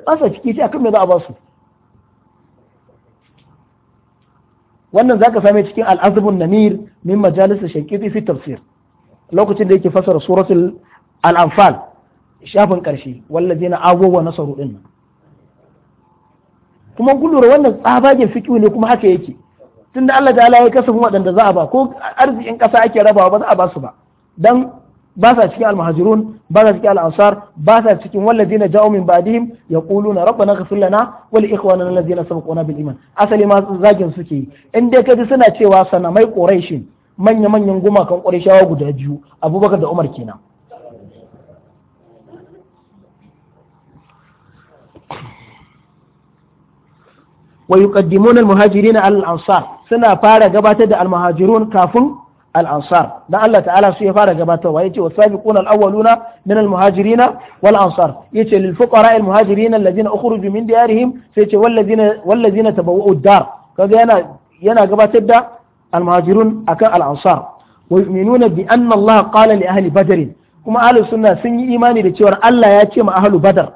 ba sa ciki ce akan me za a ba su wannan zaka same cikin al-azbun namir min majalis shaqiqi fi tafsir lokacin da yake fasara suratul al-anfal shafin karshe wallazina agowa nasaru din kuma kun lura wannan tsabagen fikihu ne kuma haka yake tunda Allah ta'ala ya kasafin waɗanda za a ba ko arzikin ƙasa ake rabawa ba za a ba su ba dan ba sa cikin almahajirun ba sa cikin al'ansar ba sa cikin wallazina ja'u min ba'dihim yaquluna rabbana ighfir lana na li ikhwanina allazina sabaquna bil iman asali ma zagin suke in dai kaji suna cewa sana mai quraishin manya manyan gumakan qurayshawa guda biyu abubakar da umar kenan wa yuqaddimuna al-muhajirina al-ansar suna fara gabatar da al-muhajirun kafin Al'ansar na Allah ta'ala su ya fara gabatarwa yace wasabiquna al-awwaluna min al-muhajirin wal ansar yace lil fuqara al-muhajirin alladhina ukhrijoo min diyarihim sai yace walladhina walladhina tabawwa'u ad-dar kaga yana yana gabatar da al akan Al'ansar. ansar wa yu'minuna bi anna Allah qala li ahli badr kuma ahli sunna sun yi imani da cewa Allah ya ce ma ahli badr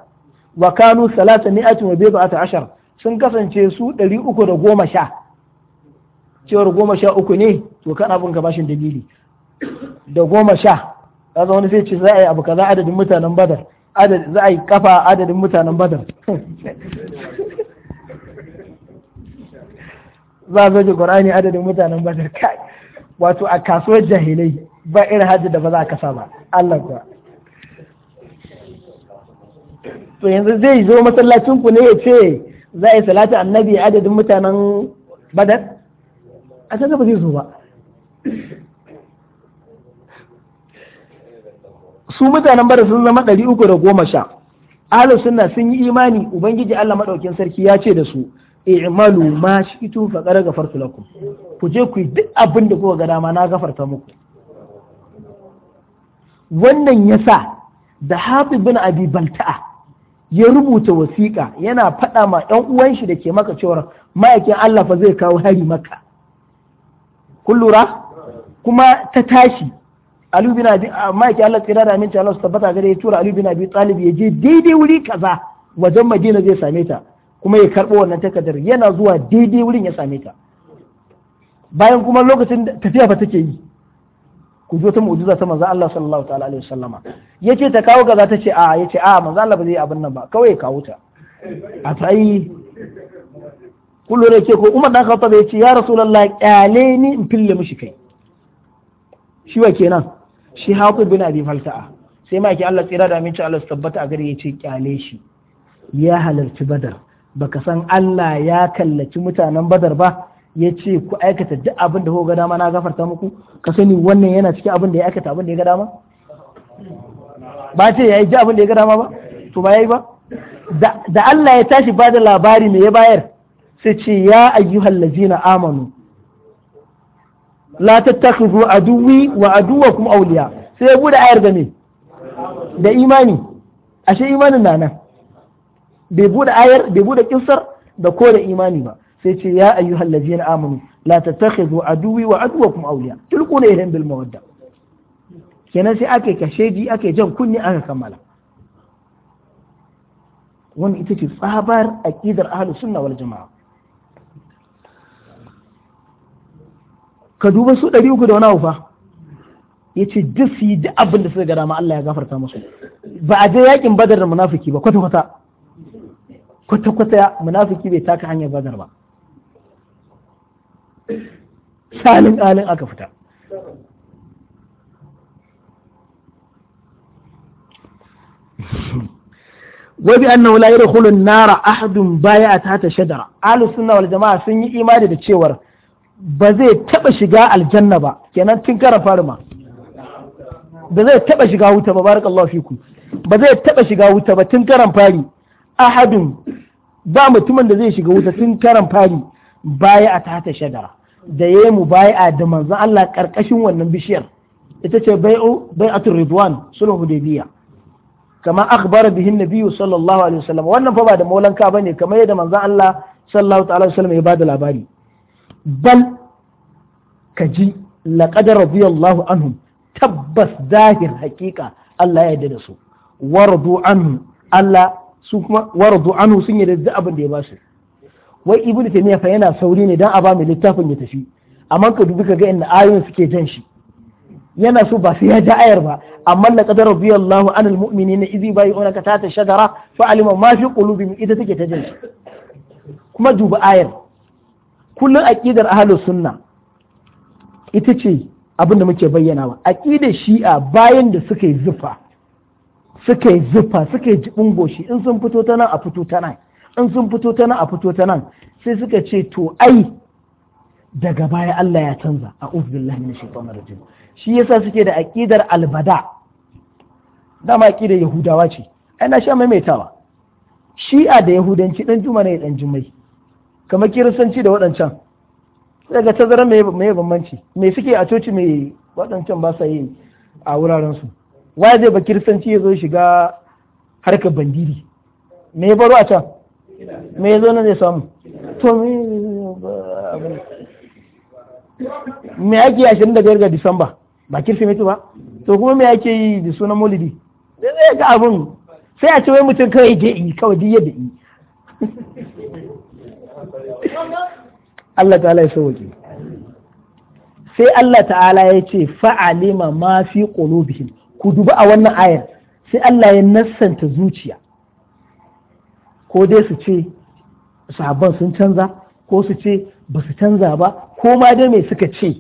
wa kanu 300 wa 12 sun kasance su ɗari uku da goma sha. cewar goma sha uku ne to kana bin ka bashin dalili da goma sha zo wani sai ce za a yi abu kaza adadin mutanen badar za a yi kafa adadin mutanen badar za a zoje qur'ani adadin mutanen badar kai wato a kasuwar jahilai ba irin hajji da ba za a kasa ba Allah kuwa to yanzu zai zo masallacin ku ne ya ce za a yi salatu annabi adadin mutanen badar a kaga gaba zai zo ba su mutanen bara sun zama ɗari uku da goma sha ahlu sunna sun yi imani ubangiji Allah madaukin sarki ya ce da su i'malu ma shi'tum fa qad ghafartu lakum ku je ku yi duk abin da kuka ga dama na gafarta muku wannan yasa da Habib bin Abi Balta'a ya rubuta wasiƙa yana faɗa ma ɗan uwan da ke maka cewa ma'aikin Allah fa zai kawo hari maka kun lura kuma ta tashi Aliyu bin Abi yake Allah tsira da aminci Allah su tabbata gare ya tura Aliyu bin Abi Talib ya je daidai wuri kaza wajen Madina zai same ta kuma ya karbo wannan takardar yana zuwa daidai wurin ya same ta bayan kuma lokacin tafiya ba take yi ku zo ta mu'jiza ta manzo Allah sallallahu ta'ala alaihi wasallama yace ta kawo kaza ta ce a yace a manzo Allah ba zai abin nan ba kawai ya kawo ta a tsayi. kullu ne ce ko Umar dan Khattab ya ce ya Rasulullah kyale ni in fille mishi kai shi wa kenan shi Hatib bin Abi Falta'a sai ma ki Allah tsira da aminci Allah tabbata a gare ya ce kyale shi ya halarci Badar baka san Allah ya kallaci mutanen Badar ba ya ce ku aikata duk abin da ga dama na gafarta muku ka sani wannan yana cikin abin da ya aikata abin da ya ga dama ba ce ya yi ji abin da ya ga dama ba to ba ya yi ba da Allah ya tashi ba da labari me ya bayar sai ce ya ayyuhal lazina amanu la tattakhidhu aduwi wa kuma awliya sai ya bude ayar da me da imani ashe imanin na nan bai bude ayar bai bude kissar da ko da imani ba sai ce ya ayyuhal lazina amanu la tattakhidhu aduwi wa aduwwakum awliya tulquna ilayhim bil mawadda kenan sai ake kashedi ake jan kunni aka kammala wannan ita ce tsabar aqidar ahlus sunna wal jamaa ka duba su ɗari uku da wani abu fa ya ce duk su yi da abin da suka ga dama Allah ya gafarta musu ba a je yakin badar da munafiki ba kwata kwata kwata kwata munafiki bai taka hanyar badar ba salin alin aka fita وبأنه Nara يدخل النار ta بايع تحت شجرة أهل السنة والجماعة سن إيمان da cewar ba zai taɓa shiga aljanna ba kenan tun kara ma ba zai taɓa shiga wuta ba barakallahu fikum ba zai taɓa shiga wuta ba tun karan fari ahadun ba mutumin da zai shiga wuta tun karan fari baya a tata shadara da ya baya a da manzon Allah karkashin wannan bishiyar ita ce bai'u bai'atul ridwan sulhu hudaybiya kama akhbara bihin nabiyyu sallallahu alaihi wasallam wannan fa ba da maulanka bane kamar yadda manzon Allah sallallahu alaihi wasallam ya da labari bal ka ji laqad radiyallahu anhum tabbas zahir haƙiƙa Allah ya yarda da su waradu anhu Allah su kuma waradu anhu sun yarda da abin da ya ba su wai ibnu taymiya fa yana sauri ne dan a ba mai littafin ya tafi amma ka dubi ka ga inda ayoyin suke jan shi yana so ba sai ya ja ayar ba amma la qadara bi Allahu anil mu'minina idhi bai'una ka ta shajara fa alima ma fi qulubihim ita take ta jan shi kuma duba ayar kullum aqidar ahlus sunna ita ce abin da muke bayyanawa aqidar shi'a bayan da suka yi zufa suka yi zufa suka yi jibin goshi in sun fito ta nan a fito ta nan in sun fito ta nan a fito ta nan sai suka ce to ai daga baya Allah ya canza a billahi min shaitanir rajim shi yasa suke da aƙidar albada dama aqidar yahudawa ce ai na sha maimaitawa shi'a da yahudanci dan juma ne dan jummai kamar kiristanci da waɗancan sai ga tazara mai bambanci Mai suke a coci mai waɗancan ba sa yi a wuraren su waye zai ba kiristanci ya zo shiga harkar bandiri me ya baro a can me ya zo nan zai samu to mai ake yi 25 ga disamba ba kirsimeti ba to kuma me ake yi da sunan molidi sai ga abin sai a ce wai mutum kawai je yi kawai duk yadda yi Allah ta'ala ya sauke sai Allah ta'ala ya ce fa'alima ma fi qulubihim ku duba a wannan ayar sai Allah ya nassanta zuciya ko dai su ce sahabban sun canza ko su ce ba su canza ba ko ma dai me suka ce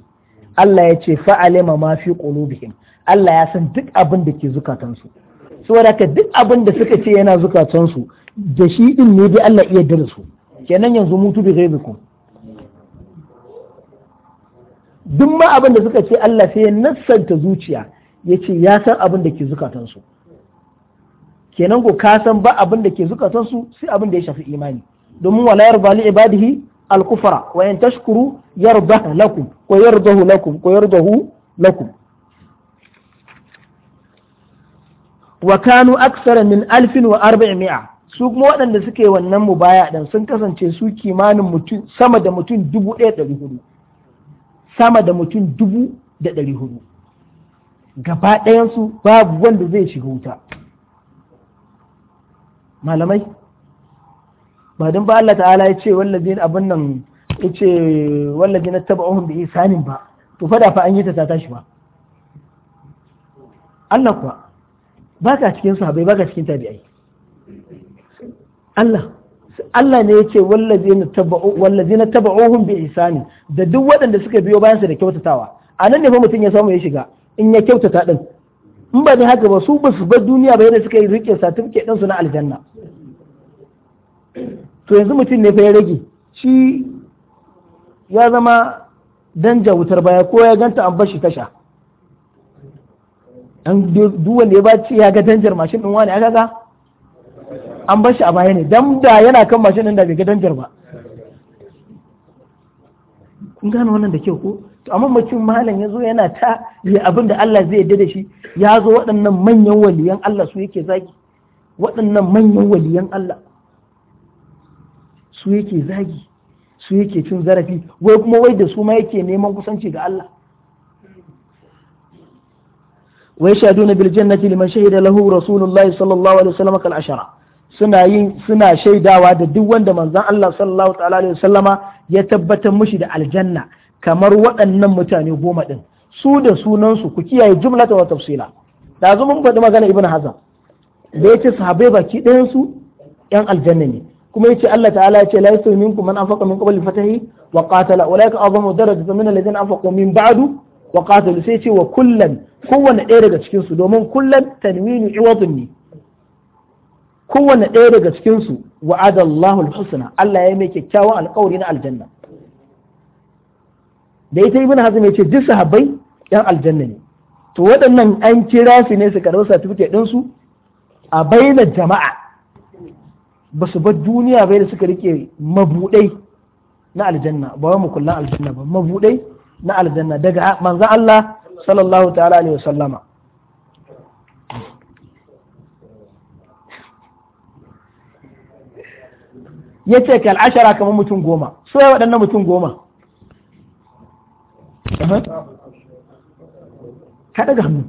Allah ya ce fa'alima ma fi qulubihim Allah ya san duk abin da ke zukatansu saboda ka duk abin da suka ce yana zukatansu da shi din ne dai Allah iya darasu kenan yanzu mutu bi ghaibikum duk ma abin da suka ce Allah sai ya nassanta zuciya ya ce ya san abin da ke zukatansu kenan ko ka san ba abin da ke zukatansu sai abin da ya shafi imani domin wala yarda li ibadihi al wa in tashkuru yarda lakum ko yardahu lakum ko yardahu lakum wa kanu aksara min alfin wa mi'a su kuma waɗanda suke wannan mu baya dan sun kasance su kimanin mutum sama da mutum dubu ɗaya ɗari hudu sama da mutum dubu da ɗari hudu gaba ɗayansu babu wanda zai shiga wuta malamai ba don ba Allah ta'ala ya ce wallazi abin nan ya ce wallazi na taba ohun ya sanin ba to fada fa an yi ta ta tashi ba Allah kuwa ba ka cikin sahabai ba ka cikin tabi'ai Allah Allah ne ya ce taba'u wallazina taba'uhum bi ihsani da duk waɗanda suka biyo bayan su da kyautatawa a nan ne fa mutum ya samu ya shiga in ya kyautata din in ba ne haka ba su ba su bar duniya ba yadda suka yi rike certificate din su na aljanna to yanzu mutum ne fa ya rage shi ya zama danja wutar baya ko ya ganta an bashi tasha an duk wanda ya baci ya ga danjar mashin din wani aka ga an bar shi a baya ne dan da yana kan mashin din da bai ga danjar ba kun gane wannan da kyau ko to amma mutum malam ya zo yana ta yi abin da Allah zai yarda da shi ya zo waɗannan manyan waliyan Allah su yake zagi waɗannan manyan waliyan Allah su yake zagi su yake cin zarafi wai kuma wai da su ma yake neman kusanci ga Allah wai shaduna bil jannati liman shahida lahu rasulullahi sallallahu alaihi wasallam kal ashara suna yin suna shaidawa da duk wanda manzon Allah sallallahu alaihi wasallama ya tabbatar mushi da aljanna kamar waɗannan mutane goma ɗin su da sunansu ku kiyaye jumlata wa tafsila da zo mun faɗi magana Ibn hazan da yace sahabbai baki ɗayan su yan aljanna ne kuma yace Allah ta'ala yace la yasul minkum man anfaqa min qabli fatahi wa qatala ulaika azamu darajatan min alladhina anfaqu min ba'du wa qatalu sai yace wa kullan kowanne ɗaya daga cikin su domin kullan tanwinu iwadun ne kowanne ɗaya daga cikin su adallahu al-husna Allah ya mai kyakkyawan alƙawari na aljanna da ita ibn hazm ya ce duk sahabbai yan aljanna ne to waɗannan an kira su ne su karɓi certificate ɗin su a bayyana jama'a ba su bar duniya bai da suka rike mabuɗai na aljanna ba wai mukullan aljanna ba mabuɗai na aljanna daga manzo Allah sallallahu ta'ala alaihi wasallama ya ce kai al'ashara kamar mutum goma su ya waɗannan goma ka daga hannu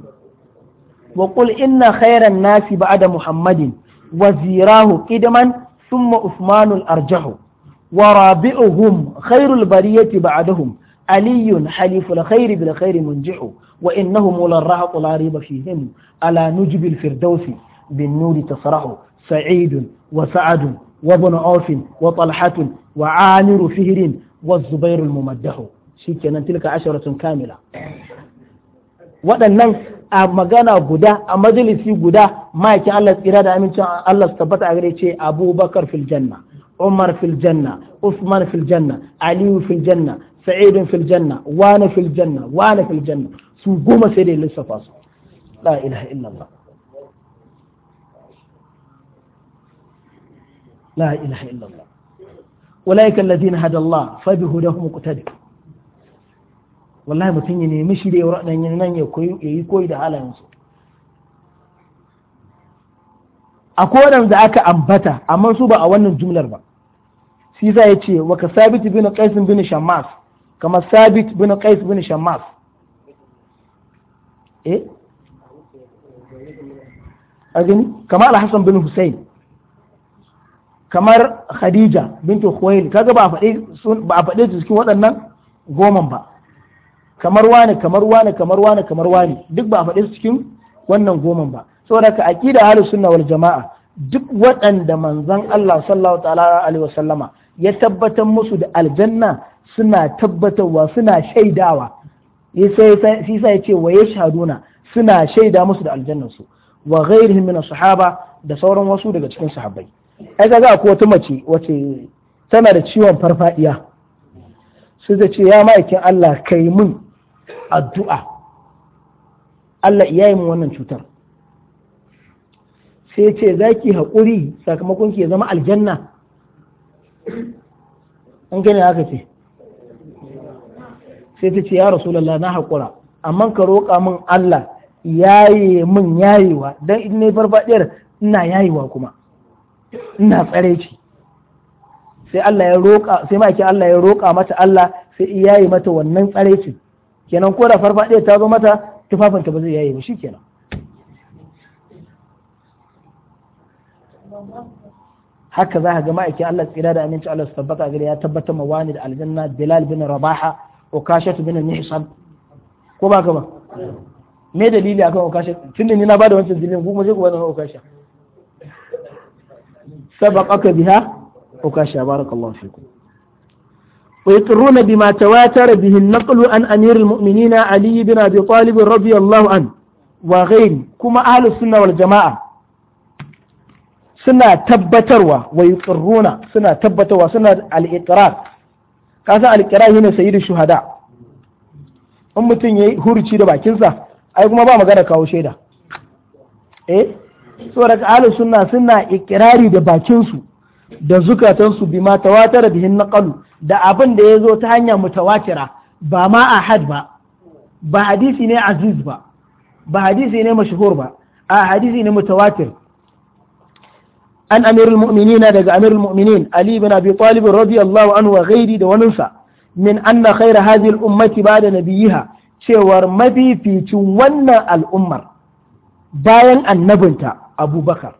wa qul inna khairan nasi ba'ada muhammadin Wazirahu zirahu Suma thumma usmanul arjahu wa rabi'uhum khairul bariyati ba'dahum aliyun haliful khairi bil khairi munjihu wa innahum lurahu la riba fihim ala nujbil firdausi bin tasrahu sa'idun wa sa'adun وابن عوف وطلحة وعامر فهر والزبير الممدح shikenan tilka sun kamila waɗannan a magana guda a majalisi guda ma'aikin Allah tsira da amincin Allah su tabbata a gare ce Abubakar fil janna Umar fil janna Usman fil janna Aliyu fil janna Sa'idun fil janna Wani fil janna Wani fil janna su goma sai da lissafa su la ilaha illallah la ilaha illallah ulaika alladhina hada Allah fa bihudahum muqtadi wallahi mutum ya nemi shirewar nan nan ya koyi da halayen su a kodan da aka ambata amma su ba a wannan jumlar ba shi ya ce wa ka sabit bin qais bin shammas kama sabit bin qais bin shammas eh a gani kama al-hasan bin husayn kamar khadija bintu khuwail kaga ba a faɗe ba a faɗe su cikin waɗannan goman ba kamar wani kamar wani kamar wani kamar wani duk ba a faɗe su cikin wannan goman ba saboda ka aqida ahlus sunna wal jama'a duk waɗanda manzon Allah sallallahu ta'ala alaihi wasallama ya tabbatar musu da aljanna suna tabbatarwa suna shaidawa shi sa ya ce wa ya shaduna suna shaida musu da aljannansu wa ghairihim min sahaba da sauran wasu daga cikin sahabbai ai ga ko wata mace wace tana da ciwon farfadiya sai ta ce ya ma'aikin Allah kai mun addu'a Allah iya yi min wannan cutar sai ce za ki haƙuri sakamakon ki ya zama aljanna an gani haka ce sai ta ce ya rasulallah na haƙura amma ka roƙa min Allah yaye min yayewa don in ne farfaɗiyar ina yayewa kuma ina tsare ci sai Allah ya roƙa sai maki Allah ya roƙa mata Allah sai yi mata wannan tsare ce kenan ko da farfaɗe ta zo mata tufafinta ba zai yayi ba shikenan haka za ka ga ma'aikin Allah tsira da aminci Allah su tabbata gare ya tabbatar ma wani da aljanna Bilal bin Rabaha Ukashat bin Nihsan ko ba ka ba me dalili akan Ukashat tunda ni na bada wancan dalilin ku kuma je ku bada Ukashat sabaqaka biha ukasha barakallahu fikum ويقرون بما تواتر به النقل عن أمير المؤمنين علي بن أبي طالب رضي الله عنه وغيره كما أهل السنة والجماعة suna tabbatarwa wa yuqirruna suna tabbatarwa suna al-iqrar kasa al-iqrar shine sayyidu shuhada in mutum yi huruci da bakinsa ai kuma ba magana kawo shaida eh saboda ahlus sunna suna ikirari da bakin su da zukatan su bima tawatara bihin naqalu da abin da yazo ta hanya mutawatira ba ma ahad ba ba hadisi ne aziz ba ba hadisi ne mashhur ba a hadisi ne mutawatir an amirul mu'minina daga amirul mu'minin ali ibn abi talib radiyallahu anhu wa ghairi da waninsa min anna khaira hadhihi al-ummati ba'da nabiyiha cewar mafificin wannan al'ummar bayan annabinta abubakar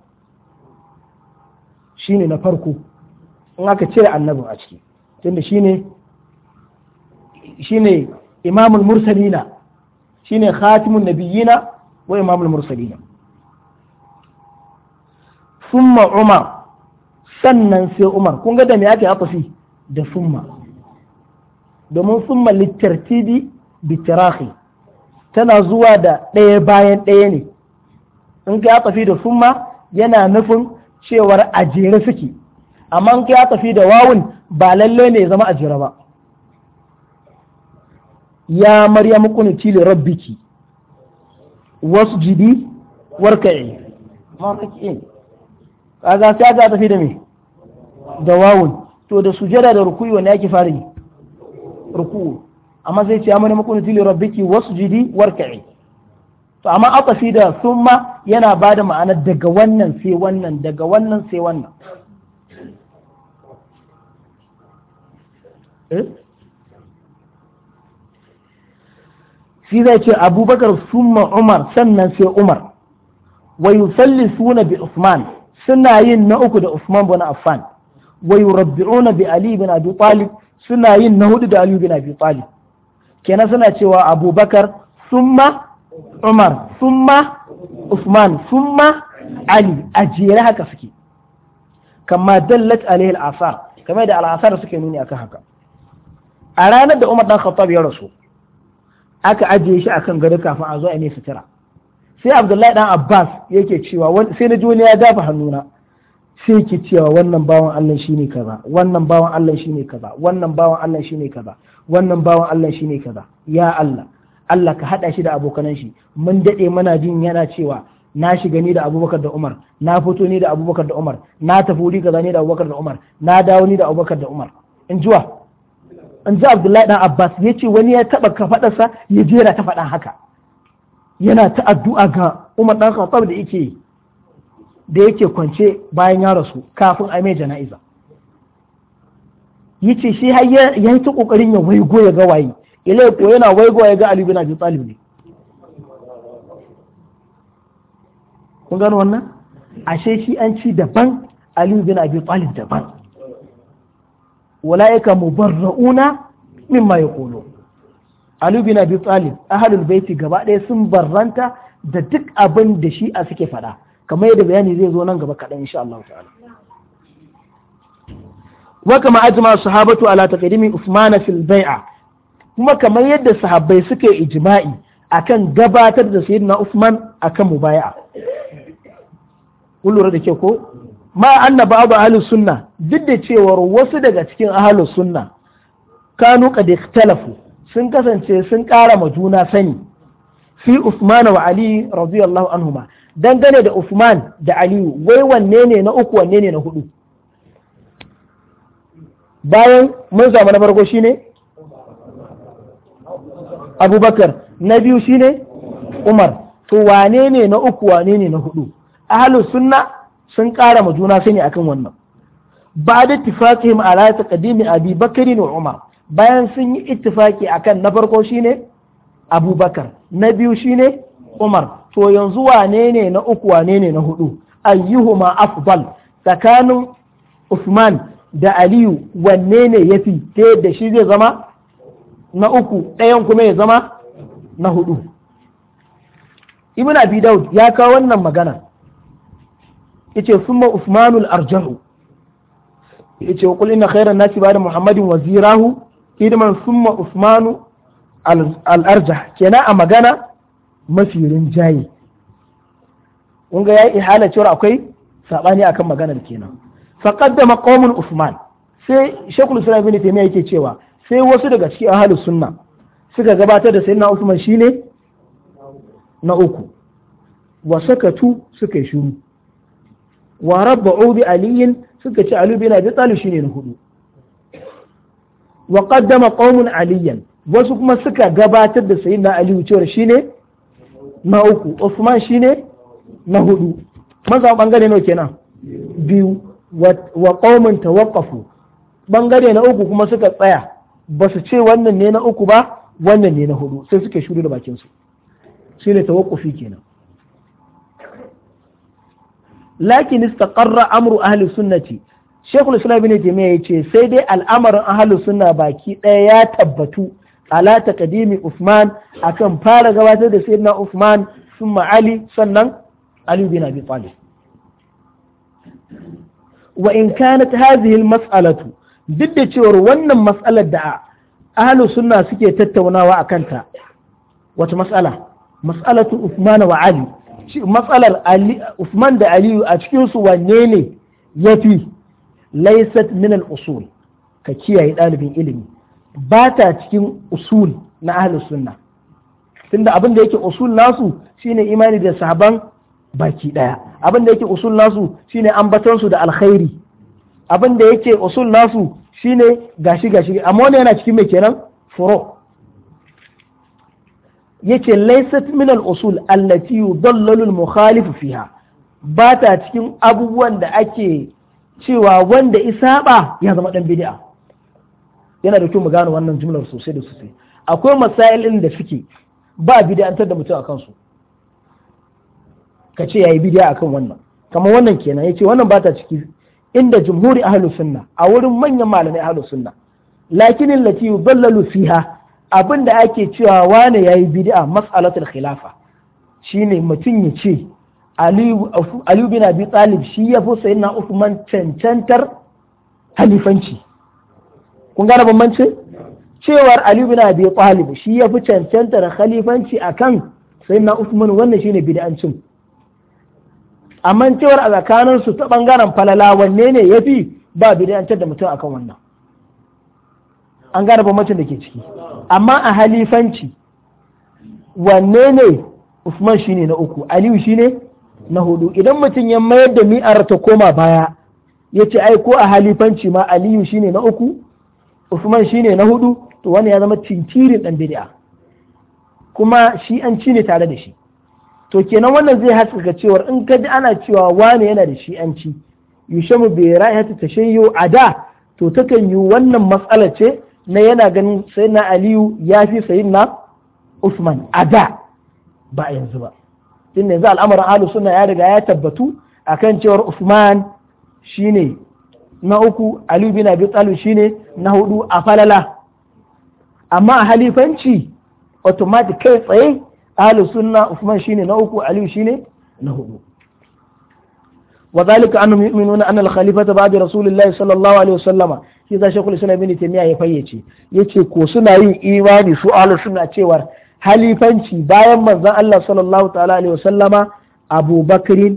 shi ne na farko in aka cire annabin a ciki tunda shi ne shi ne imamul mursalina shi ne khatimun nabiyina wa imamul mursalina summa umar sannan sai umar kun ga da me ake atafi da summa domin summa littartibi bitirahi tana zuwa da ɗaya bayan ɗaya ne in ka tafi da summa yana nufin cewar a jere suke amma in ka tafi da wawun ba lalle ne zama a jere ba ya maryamu kunuti li rabbiki wasjidi warka'i marka'i kaga sai ka tafi da me da wawun to da sujada da rukuyi wanda yake fara yi ruku? amma sai ce ya maryamu kunuti li rabbiki wasjidi warka'i to amma akasi da summa yana ba da ma'ana daga wannan sai wannan daga wannan sai wannan eh? shi zai ce abubakar summa umar sannan sai umar wa yusalli suna bi usman suna yin na uku da usman bin affan wa yurabbi'una bi ali bin abi talib suna yin na hudu da ali bin abi talib kenan suna cewa abubakar summa Umar summa Usman summa Ali a jere haka suke kama dallat alaihi al'asar kamar da al'asar suke nuni akan haka a ranar da Umar dan Khattab ya rasu aka ajiye shi akan gari kafin a zo a mai sutura sai Abdullahi dan Abbas yake cewa sai na wani ya dafa hannuna sai ke cewa wannan bawan Allah shine kaza wannan bawan Allah shine kaza wannan bawan Allah shine kaza wannan bawan Allah shine kaza ya Allah Allah ka haɗa shi da abokanan shi mun daɗe mana jin yana cewa na shiga ni da abubakar da umar na fito ni da abubakar da umar na tafi wuri kaza ni da abubakar da umar na dawo ni da abubakar da umar in jiwa in ji abdullahi dan abbas ya ce wani ya taɓa kafaɗarsa ya je yana ta faɗa haka yana ta addu'a ga umar dan khattab da yake da yake kwance bayan ya rasu kafin a mai jana'iza yace shi har ya yi ta kokarin ya waigo ya ga waye ile ko yana waigo ya ga Ali bin Abi Talib ne kun gano wannan ashe shi an ci daban Ali bin Abi Talib daban walaika mubarrauna mimma yaqulu Ali bin Abi Talib ahlul baiti gaba ɗaya sun barranta da duk abin da shi a suke faɗa kamar yadda bayani zai zo nan gaba kaɗan insha Allah ta'ala kama أجمع sahabatu ala taqdimi عثمان fil bai'ah kuma kamar yadda sahabbai suke ijma'i akan gabatar da sayyidina Usman akan mubaya'a kun lura da ke ko ma anna ba'd ahli sunna duk da cewar wasu daga cikin ahli sunna kanu qad ikhtalafu sun kasance sun ƙara ma juna sani fi Usman wa Ali radiyallahu anhuma dangane da Usman da Ali wai wanne ne na uku wanne ne na hudu bayan mun zama na farko shine abubakar na biyu shine umar to wane ne na uku wane ne na hudu ahlus sunna sun ƙara ma juna sani akan wannan ba da rayu ala taqdimi abi bakari ne umar bayan sun yi ittifaki akan na farko shine abubakar na biyu shine umar to yanzu wane ne na uku wane ne na hudu ayyuhuma afdal tsakanin usman da aliyu wanne ne yafi ta yadda shi zai zama na uku ɗayan kuma ya zama na hudu ibn abi daud ya kawo wannan magana yace summa usmanul arjahu yace wa qul inna khayran nasi ba'da muhammadin wazirahu idman summa usmanu al arjah kenan a magana mafirin jayi. kun ga yayi ihala cewa akwai sabani akan maganar kenan faqaddama qaumun usman sai shekul islam ibn taymiya yake cewa sai wasu daga cikin ahlus sunna suka gabatar da sayyidina Usman shine na uku wa sakatu suka yi shuru. wa rabba Obi aliyin suka ce Ali bin Abi shi shine na hudu wa qaddama qaumun aliyan wasu kuma suka gabatar da sayyidina Ali cewa shine na uku Usman shine na hudu maza bangare nawa kenan biyu wa qaumun tawaqqafu bangare na uku kuma suka tsaya ba su ce wannan ne na uku ba wannan ne na hudu sai suke shuru da bakin su shine tawaqqufi kenan lakin istaqarra amru ahli sunnati shekul islam ibn jami'a yace sai dai al'amarin ahli sunna baki daya ya tabbatu ala taqdimi usman akan fara gabatar da sayyidina usman thumma ali sannan ali bin abi talib wa in kanat hadhihi al-mas'alatu duk da cewar wannan matsalar da ahlus suna suke tattaunawa a kanta wata matsala matsalatu Usman wa Ali matsalar Usman da Aliyu a cikin su wanne ne yafi laysat min al-usul ka kiyaye ɗalibin ilimi ba ta cikin usul na ahlus sunna tunda abin da yake usul nasu shine imani da sahaban baki daya abin da yake usul nasu shine ambatansu da alkhairi abin da yake usul nasu shine gashi gashi amma wani yana cikin mai kenan furo yace laisat min al-usul allati yudallalu al-mukhalif fiha ba ta cikin abubuwan da ake cewa wanda isaba ya zama dan bid'a yana da kyau mu gane wannan jumlar sosai da sosai akwai masailin da suke ba bid'antar da mutum akan su ka yayi bid'a akan wannan kamar wannan kenan yace wannan ba ta ciki inda jumhuri ahlu sunna a wurin manyan malamai ahlu sunna lakin allati yudallalu fiha abinda ake cewa wane yayi bid'a mas'alatul khilafa shine mutum ya ce Aliyu bin Abi Talib shi ya fi sayyidina Usman cancantar halifanci kun gane bambanci cewar Aliyu bin Abi Talib shi ya fi cancantar halifanci akan sayyidina Usman, wannan shine bid'ancin amma cewar a tsakanin su ta bangaren falala wanne ne yafi ba bid'antar da mutum akan wannan an gane mutum da ke ciki amma a halifanci wanne ne Usman shine na uku Aliyu shine na hudu idan mutum ya mayar da mi'ar ta koma baya ya ce ai ko a halifanci ma Aliyu shine na uku Usman shine na hudu to wani ya zama cincirin dan bid'a kuma shi an ci ne tare da shi to kenan wannan zai haskaka cewar in ka ji ana cewa wane yana da shi'anci yushamu bai ra'ayata tashayyu a da to takan yi wannan matsala ce na yana ganin sai na aliyu ya fi na usman a da ba yanzu ba tun yanzu al'amarin ahlus sunna ya riga ya tabbatu akan cewar usman shine na uku aliyu bin abi talib shine na hudu a falala amma a halifanci automatic kai tsaye ahlus sunna Usman shine na uku Aliyu shine na hudu وذلك أنهم يؤمنون أن الخليفة بعد رسول الله صلى الله عليه وسلم كذا ya fayyace? ابن تيمية يفيتي يتي كوسنا إيماني سؤال السنة تشور halifanci bayan manzon Allah sallallahu ta'ala alaihi wasallama Abu Bakr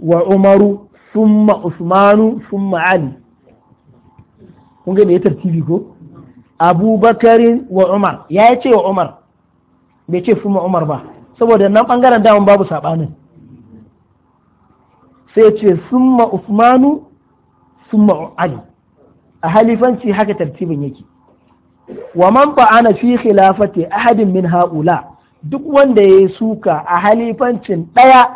wa Umaru thumma Usmanu thumma Ali kun ga me tartibi ko Abu Bakr wa Umar ya ce wa Umar bai ce fi umar ba saboda nan ɓangaren daman babu saɓanin. sai ya ce summa usmanu summa ali a halifanci haka tartibin yake wa man ana fi khilafati ahadin min haula duk wanda ya suka a halifancin ɗaya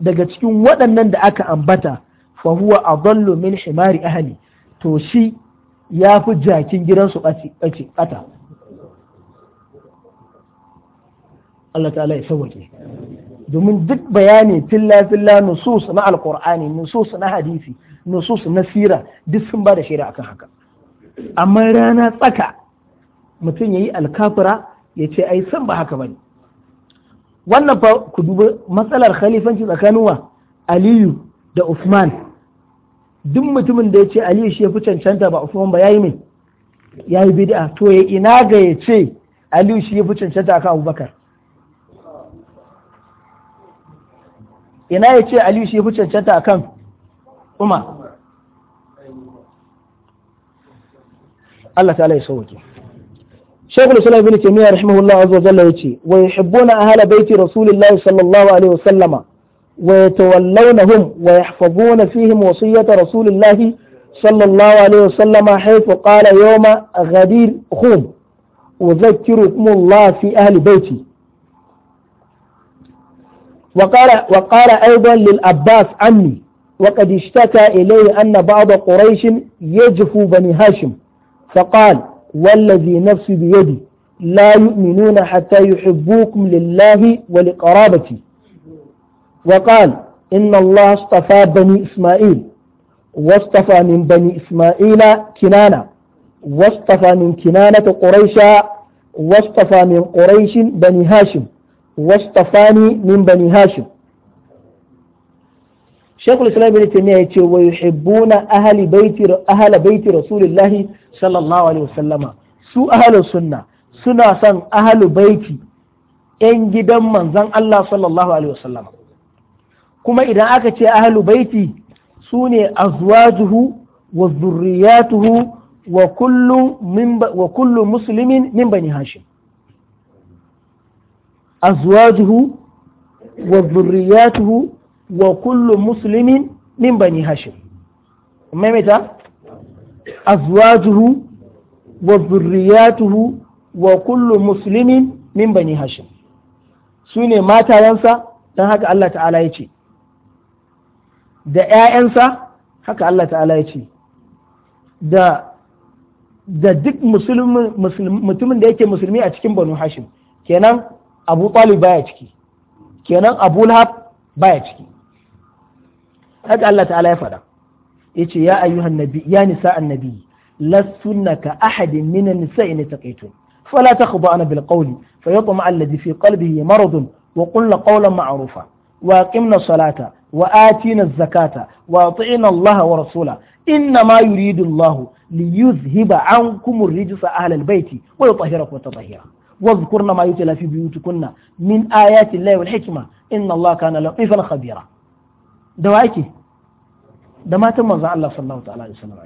daga cikin waɗannan da aka ambata fa huwa adallu min himari ahli to shi ya fi jakin gidansu ɓata Allah ta'ala ya sauwake domin duk bayani filla filla nusus na alqur'ani nusus na hadisi nusus na sira duk sun ba da shaida akan haka amma rana tsaka mutum yayi alkafura, ya ce ai san ba haka bane wannan fa ku duba matsalar khalifanci tsakanin wa Aliyu da Usman, duk mutumin da ya ce Aliyu shi ya fi cancanta ba Usman ba yayi mai yayi bid'a to ya ina ga ya ce Aliyu shi ya fi cancanta akan Abubakar ina ya ce aliyu shi fi cancanta a kan umar Allah ta'ala ya sauke Shaykhul Islam Ibn Taymiyyah rahimahullah azza wa jalla yace wa yuhibbuna ahla baiti Rasulillahi sallallahu alaihi wasallama wa yatawallawnahum wa yahfazuna fihim wasiyyata Rasulillahi sallallahu alaihi wasallama haythu qala yawma ghadir khum أذكركم الله في أهل بيتي وقال وقال أيضا للعباس عني وقد اشتكى إليه أن بعض قريش يجفو بني هاشم فقال والذي نفسي بيدي لا يؤمنون حتى يحبوكم لله ولقرابتي وقال إن الله اصطفى بني إسماعيل واصطفى من بني إسماعيل كنانة واصطفى من كنانة قريش واصطفى من قريش بني هاشم wastafani min bani hashim shekul islam ibn taymiya yace wa yuhibbuna ahli baiti ahla rasulillah sallallahu alaihi wasallama su ahlu sunna suna son ahlu baiti yan gidan manzon Allah sallallahu alaihi wasallama kuma idan aka ce ahlu baiti su ne azwajuhu wa wa kullu min wa kullu muslimin min bani أزواجه wa وكل wa من بني min bani hashim maimaita azwajuhu wa zurriyatuhu wa kullu muslimin min bani hashim su don haka Allah ta'ala ya ce da 'ya'yansa haka Allah ta'ala ya ce da da duk mutumin da yake musulmi a cikin banu hashim kenan abu talib baya ciki kenan abu lahab baya ciki haka Allah ta'ala ya faɗa yace ya ayyuhan nabi ya nisa annabi lastunna ka ahadin minan nisa'i ne taqaitun fala takhda'na bil qawli fayatma alladhi fi qalbihi maradun wa qulna qawlan ma'rufa wa qimna salata wa atina zakata wa atina Allah wa rasula inna ma yuridu Allah li yuzhiba ankum ar-rijsa ahla al-bayti wa yutahhirakum tatahira واذكرن ما يتلى في بيوتكن من آيات الله والحكمة إن الله كان لطيفا خبيرا دوايكي da matan manzon Allah sallallahu ta'ala alaihi wasallam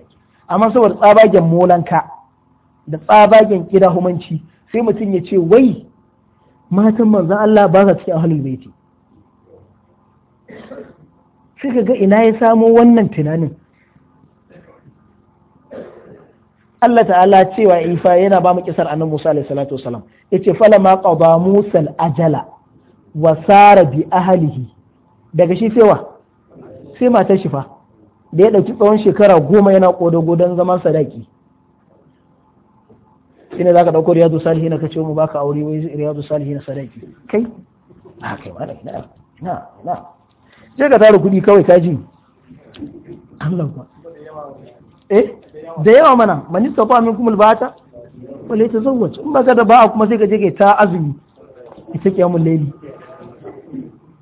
amma saboda tsabagen molanka da tsabagen kidahumanci sai mutum ya ce wai matan manzan Allah ba ciki cikin ahlul baiti sai ka ga ina ya samo wannan tunanin Allah ta'ala cewa Ifa yana ba mu kisar annabi Musa alaihi salatu wasalam yace ma qada Musa al-ajala wa sara bi ahlihi daga shi sai wa sai matar shi fa da ya dauki tsawon shekara goma yana kodo don zaman sadaki ina zaka dauko riyadu salihin ka ce mu baka aure wai riyadu salihin sadaki kai a kai wala ina na na je ka tara kudi kawai ji. Allah ba eh da yawa mana mani fa min kuma albata wale ta zawwace in baka da ba'a kuma sai ka je ka ta azumi ita kiyamul layli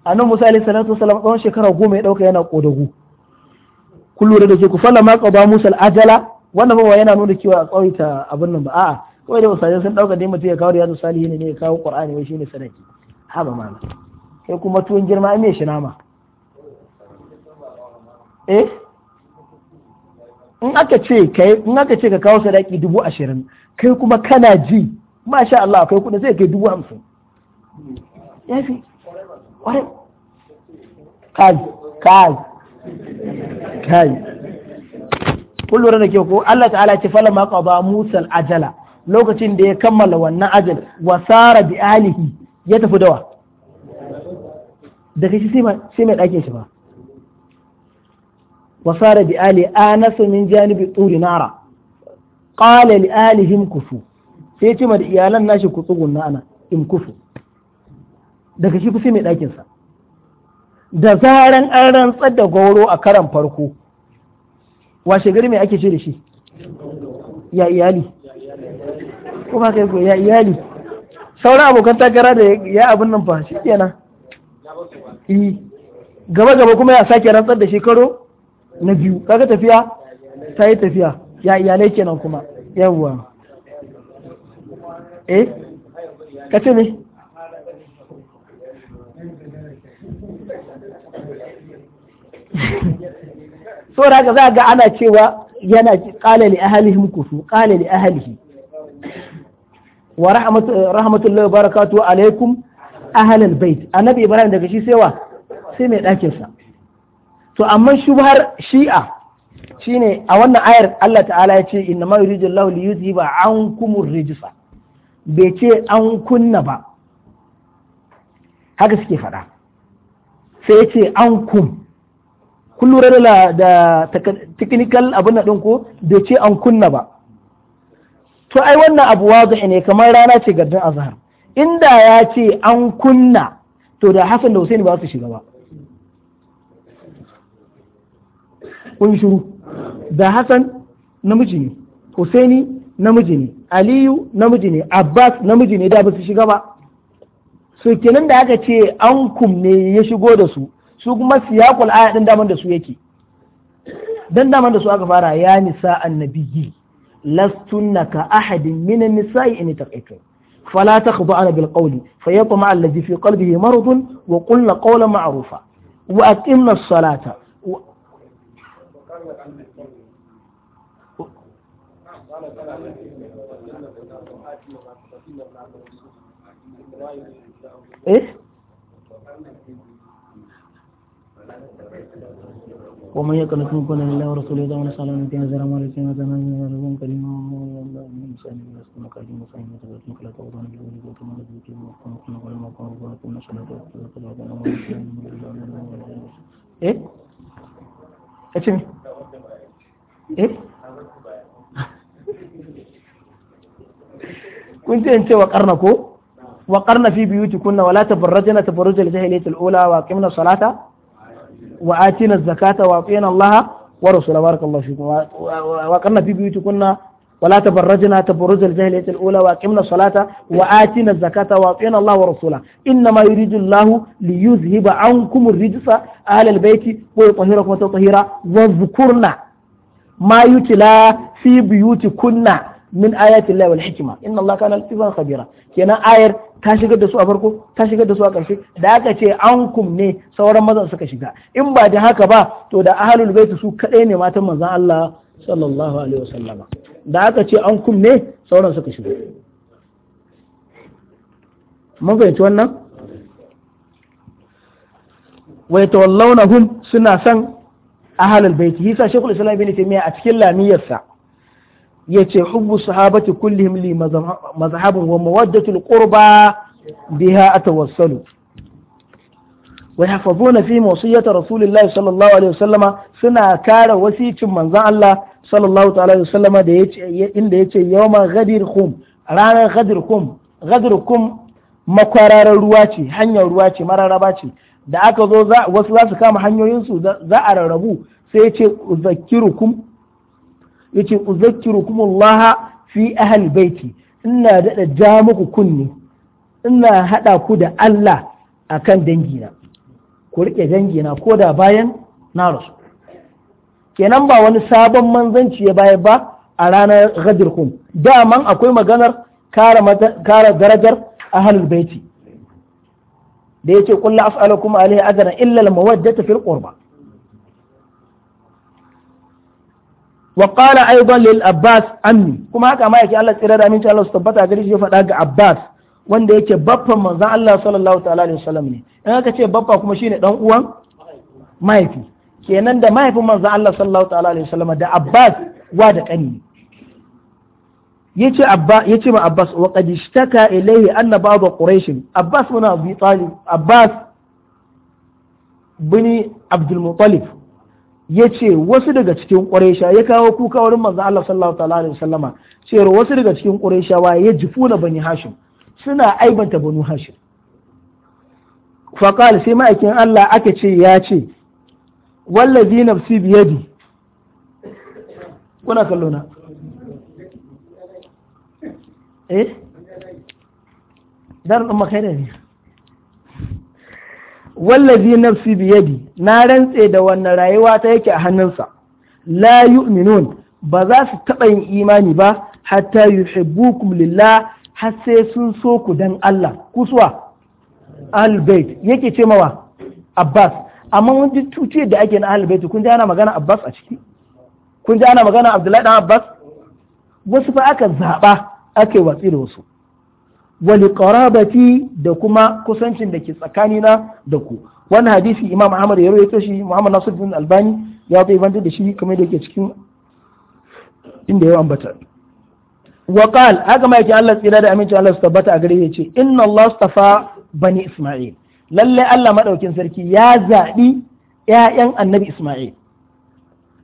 annabi Musa alayhi salatu wasallam tsawon shekara goma ya dauka yana kodago kun lura da ke ku falla ma qaba Musa al-ajala wannan ba yana nuna cewa a tsawaita abin nan ba a'a kawai da usajin sun dauka dai mutum ya kawo riyadu salihin ne ya kawo qur'ani wai shine sadaki haba mana kai kuma tuwon girma ne shi nama eh in aka ce kai in aka ce ka kawo sadaki dubu ashirin kai kuma kana ji masha Allah akwai kuɗin zai kai dubu hamsin ya fi ƙwarai kai kai kai kun da ke ko Allah ta'ala ce fala ma qada Musa ajala lokacin da ya kammala wannan ajal wasara bi alihi ya tafi dawa da kashi sai mai ɗakin shi ba وصار بآل آنس من جانب طور نارا قال لآلهم كفوا sai ce da iyalan nashi ku tsugunna ana in kufu daga shi kusa mai ɗakinsa da zaran an rantsar da goro a karan farko washe gari mai ake shirye shi ya iyali kuma kai ko ya iyali sauran abokan takara da ya abin nan fa shi kenan eh, gaba gaba kuma ya sake rantsar da shi karo na biyu kaga tafiya ta yi tafiya ya iyalai kenan kuma yawwa eh ka ce ne saboda da za ga ana cewa yana kala li ahlihim kufu kala li ahlihi wa rahmatullahi wa barakatuhu alaikum ahlal bait annabi ibrahim daga shi sai wa sai mai dakin sa to amma shubhar shi'a shine a wannan ayar Allah ta'ala ya ce inna ma yuridu Allahu li yuzhiba ankumur rijsa bai ce an kunna ba haka suke faɗa sai ya ce an kum kun lura da da technical abin na ɗin ko bai ce an kunna ba to ai wannan abu wazi ne kamar rana ce gardin azhar inda ya ce an kunna to da Hassan da Hussein ba su shiga ba kun shiru da Hassan namiji ne Husaini namiji ne Aliyu namiji ne Abbas namiji ne da ba su shiga ba so kenan da aka ce an ne ya shigo da su su kuma siyakul aya din daman da su yake dan daman da su aka fara ya nisa annabiyyi lastunna ka ahadin minan nisa'i in taqaitu فلا تخضعن بالقول فيطمع الذي في قلبه مرض وقلن قولا معروفا وأقمنا salata. إيه؟ ومن يقنط منكم لله ورسوله إذا من صلى الله عليه وسلم عليه وسلم وسلم وسلم كلمة والله من إنسان يسكن كلمة وسلم وسلم كلا توضع من الأولي وكما نزلت وكما كنا قال ما قال وكما كنا صلاة وكما كنا قال ما قال وكما كنا قال ما قال إيه؟ أتمي eh kun ce in ce wa karna ko wa karna fi biyuti kunna wala tabarrajna tabarruj al-jahiliyyah al-ula wa qimna salata wa atina zakata wa qina Allah wa rasula barakallahu fikum wa karna fi biyuti kunna ولا تبرجنا تبرج الجاهلية الأولى وأقمنا الصلاة وآتينا الزكاة وأطعنا الله ورسوله إنما يريد الله ليذهب عنكم الرجس أهل البيت ويطهركم تطهيرا واذكرنا ma yutila fi biyuti kunna min ayati Allah wal hikma inna Allah kana latifan khabira kenan ayar ta shigar da su a farko ta shigar da su a ƙarshe da aka ce an kum ne sauran mazan suka shiga in ba da haka ba to da ahlul bait su kadai ne matan manzon Allah sallallahu alaihi wasallama da aka ce an kum ne sauran suka shiga mun fahimci wannan wai tawallawna hum suna san ahalal baiti yasa shekul islam bin taymiya a cikin lamiyar yace hubbu sahabati kullihim li mazhabun wa mawaddatu alqurba biha atawassalu wa yahfazuna fi mawsiyati rasulillahi sallallahu alaihi suna kare wasiyin manzon Allah sallallahu ta'ala yace inda yace yawma ranar ghadir khum ghadir khum makwararar ruwa ce hanyar ruwa ce mararaba ce da aka zo wasu za su kama hanyoyinsu za a rarrabu sai ya ce uzakirukum ya ce fi ahal baiti ina daɗa ja muku kunni ina haɗa ku da Allah a kan dangina ku riƙe dangina ko da bayan na rasu kenan ba wani sabon manzanci ya baya ba a ranar ghadir daman akwai maganar kara darajar ahal baiti da yace qul la as'alukum alayhi ajran illa al mawaddata fil qurba wa qala aidan lil abbas ammi kuma haka ma yake Allah tsira da aminci Allah su tabbata gari shi faɗa ga abbas wanda yake baffan manzon Allah sallallahu ta'ala alaihi wasallam ne in aka ce baffa kuma shine dan uwan mahaifi kenan da mahaifin manzon Allah sallallahu ta'ala alaihi wasallam da abbas wa da kani yace abba yace ma abbas wa qad ishtaka ilayhi anna ba'd quraish abbas bin abi talib abbas bin abdul muttalib yace wasu daga cikin quraisha ya kawo kuka wurin manzo Allah sallallahu ta'ala alaihi wasallama cewa wasu daga cikin wa ya jifuna bani hashim suna aibanta banu hashim qala sai ma'aikin Allah aka ce ya ce wallazi nafsi biyadi kuna kallona eh dar ɗin makaida ne wallazi nafsi biyadi na rantse da wannan rayuwa ta yake a hannunsa la yu'minun ba za su taɓa yin imani ba hatta yuhibbukum lillah har sai sun so ku dan Allah kusuwa albayt yake ce mawa Abbas amma mun ji tuce da ake na albayt kun ji ana magana Abbas a ciki kun ji ana magana Abdullahi dan Abbas wasu fa aka zaba ake watsi da wasu wani qarabati da kuma kusancin da ke tsakanina da ku wani hadisi imam ahmad ya rawaito shi muhammad Nasir nasiruddin albani ya bai banta da shi kamar da yake cikin inda ya ambata wa qal haka mai Allah tsira da amincin Allah su tabbata a gare yace inna Allah stafa bani isma'il lallai Allah madaukin sarki ya zabi ƴaƴan annabi isma'il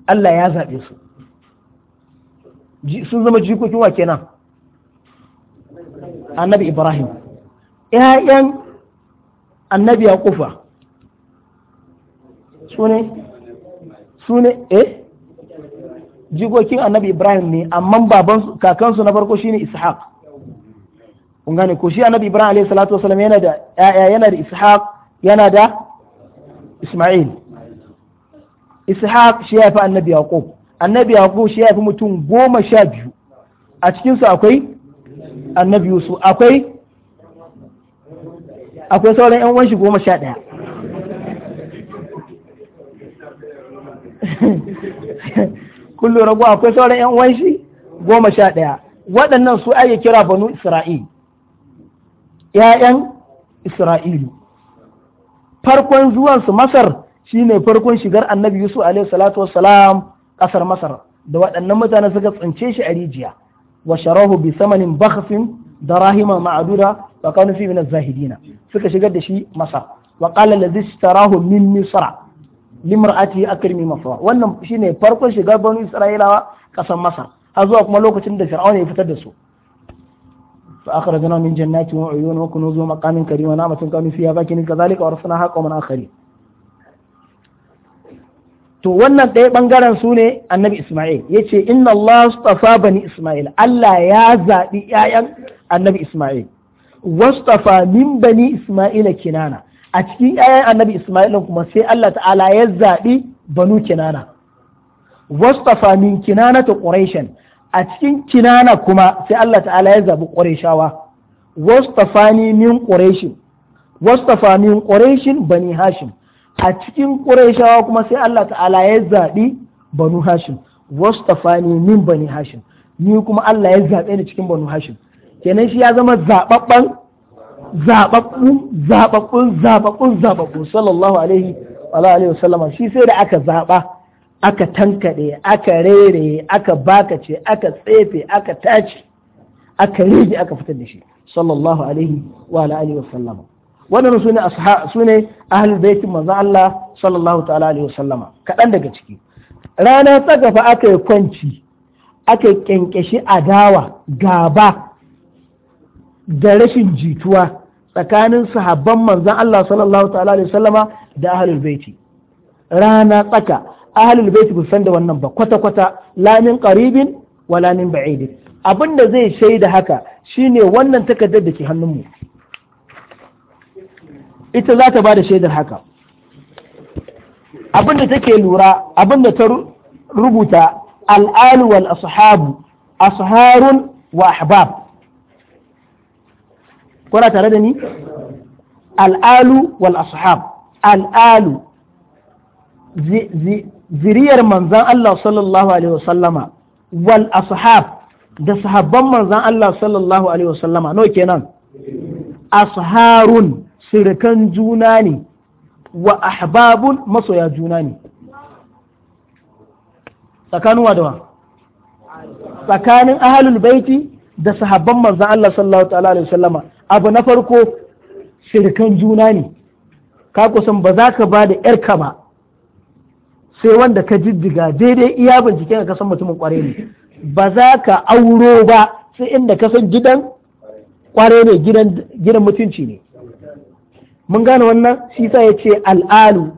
Allah ya zabe su sun zama jikokin wa kenan annabi ibrahim ‘ya'yan annabi ya kufa su ne eh jikokin annabi ibrahim ne amma baban kakansu na farko shine ishaq kun gane ko shi annabi ibrahim alayhi salatu wasallam yana da ‘ya'ya yana da ishaq yana da isma'il ishaq shi ya fi annabi yaqub annabi yaqub shi ya fi mutum goma sha biyu a cikinsu akwai annabi yusuf akwai akwai sauran yan uwan shi goma sha ɗaya Kullum lura akwai sauran yan uwan shi goma sha ɗaya waɗannan su ake kira banu isra'il ‘ya'yan isra'ilu farkon zuwansu masar shi ne farkon shigar annabi yusuf alaihi salatu Salam ƙasar masar da waɗannan mutane suka tsince shi a rijiya wa sharahu bi samanin bakhsin darahima da wa kanu fi min az-zahidina suka shigar da shi masa wa qala alladhi ishtarahu min misra limra'ati akrimi mafa wannan shine farkon shigar banu a kasan masar zuwa kuma lokacin da fir'auna ya fitar da su فأخرجنا من جنات وعيون وكنوز ومقام كريم ونعمة كانوا فيها فاكهين كذلك آخرين to wannan ɗaya ɓangaren su ne annabi Ismail ya ce inna Allah stafa bani Ismail Allah ya zaɓi ‘ya'yan annabi Ismail wastafa min bani Ismail kinana a cikin ƴaƴan annabi Ismail kuma sai Allah ta'ala ya zaɓi banu kinana wastafa min kinana ta ƙureshen a cikin kinana kuma sai Allah ta'ala ya zaɓi ƙureshawa wastafa ni min ƙuraishin wastafa min ƙureshin bani hashim a cikin ƙurayshawa kuma sai Allah ta'ala ya zaɓi banu hashim wastafani min bani hashim ni kuma Allah ya zaɓe ni cikin banu hashim kenan shi ya zama zaɓaɓɓen zaɓaɓɓun zaɓaɓɓun zaɓaɓɓun zaɓaɓɓun sallallahu alaihi wa alihi wasallama shi sai da aka zaɓa aka tankaɗe aka rere aka bakace aka tsefe aka tace aka rege aka fitar da shi sallallahu alaihi wa alihi wasallama waɗannan su ne su ne ahlul baitin manzon Allah sallallahu ta'ala alaihi wasallama kaɗan daga ciki rana ta gaba aka yi kwanci aka yi adawa gaba da rashin jituwa tsakanin sahabban manzan Allah sallallahu ta'ala alaihi wasallama da ahlul baiti rana tsaka ahlul baiti ba san da wannan ba kwata kwata lamin qaribin wala min ba'idin abinda zai shaida haka shine wannan takardar da ke hannunmu mu ita za ta ba da shaidar haka abinda take lura da ta rubuta al'alu wal ashabu asharun wa ahbab kuna tare da ni al'alu wal ashab al'alu ziriyar manzan Allah sallallahu alaihi wasallama wal ashab da sahabban manzan Allah sallallahu alaihi wasallama no kenan asharun shirikan juna ne wa ahbabun masoya juna ne tsakanin wadawa tsakanin ahalul baiti da sahabban manzan Allah sallallahu ta'ala alaihi wasallama abu na farko shirikan juna ne ka kusan ba za ka ba da yarka ba sai wanda ka jijjiga daidai iya binciken ka san mutumin kware ne ba za ka auro ba sai inda ka san gidan kware ne gidan mutunci ne mun gane wannan shi sa ya ce al'alu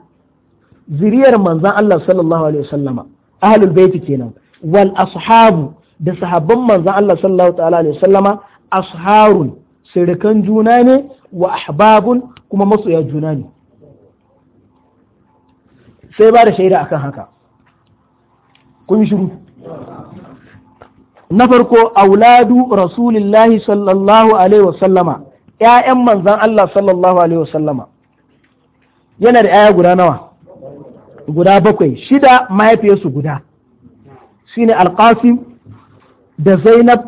zuriyar manzan Allah sallallahu alaihi wasallama ahlul baiti kenan wal ashabu da sahabban manzan Allah sallallahu ta'ala alaihi wasallama asharun sirikan juna ne wa ahbabun kuma masoya juna ne sai ba da shaida akan haka kun shiru na farko auladu rasulillahi sallallahu alaihi wasallama ‘ya'yan manzan Allah sallallahu Alaihi wasallama yana da ‘ya'ya guda nawa guda bakwai shida mahaifiyarsu guda shine alƙasim da zainab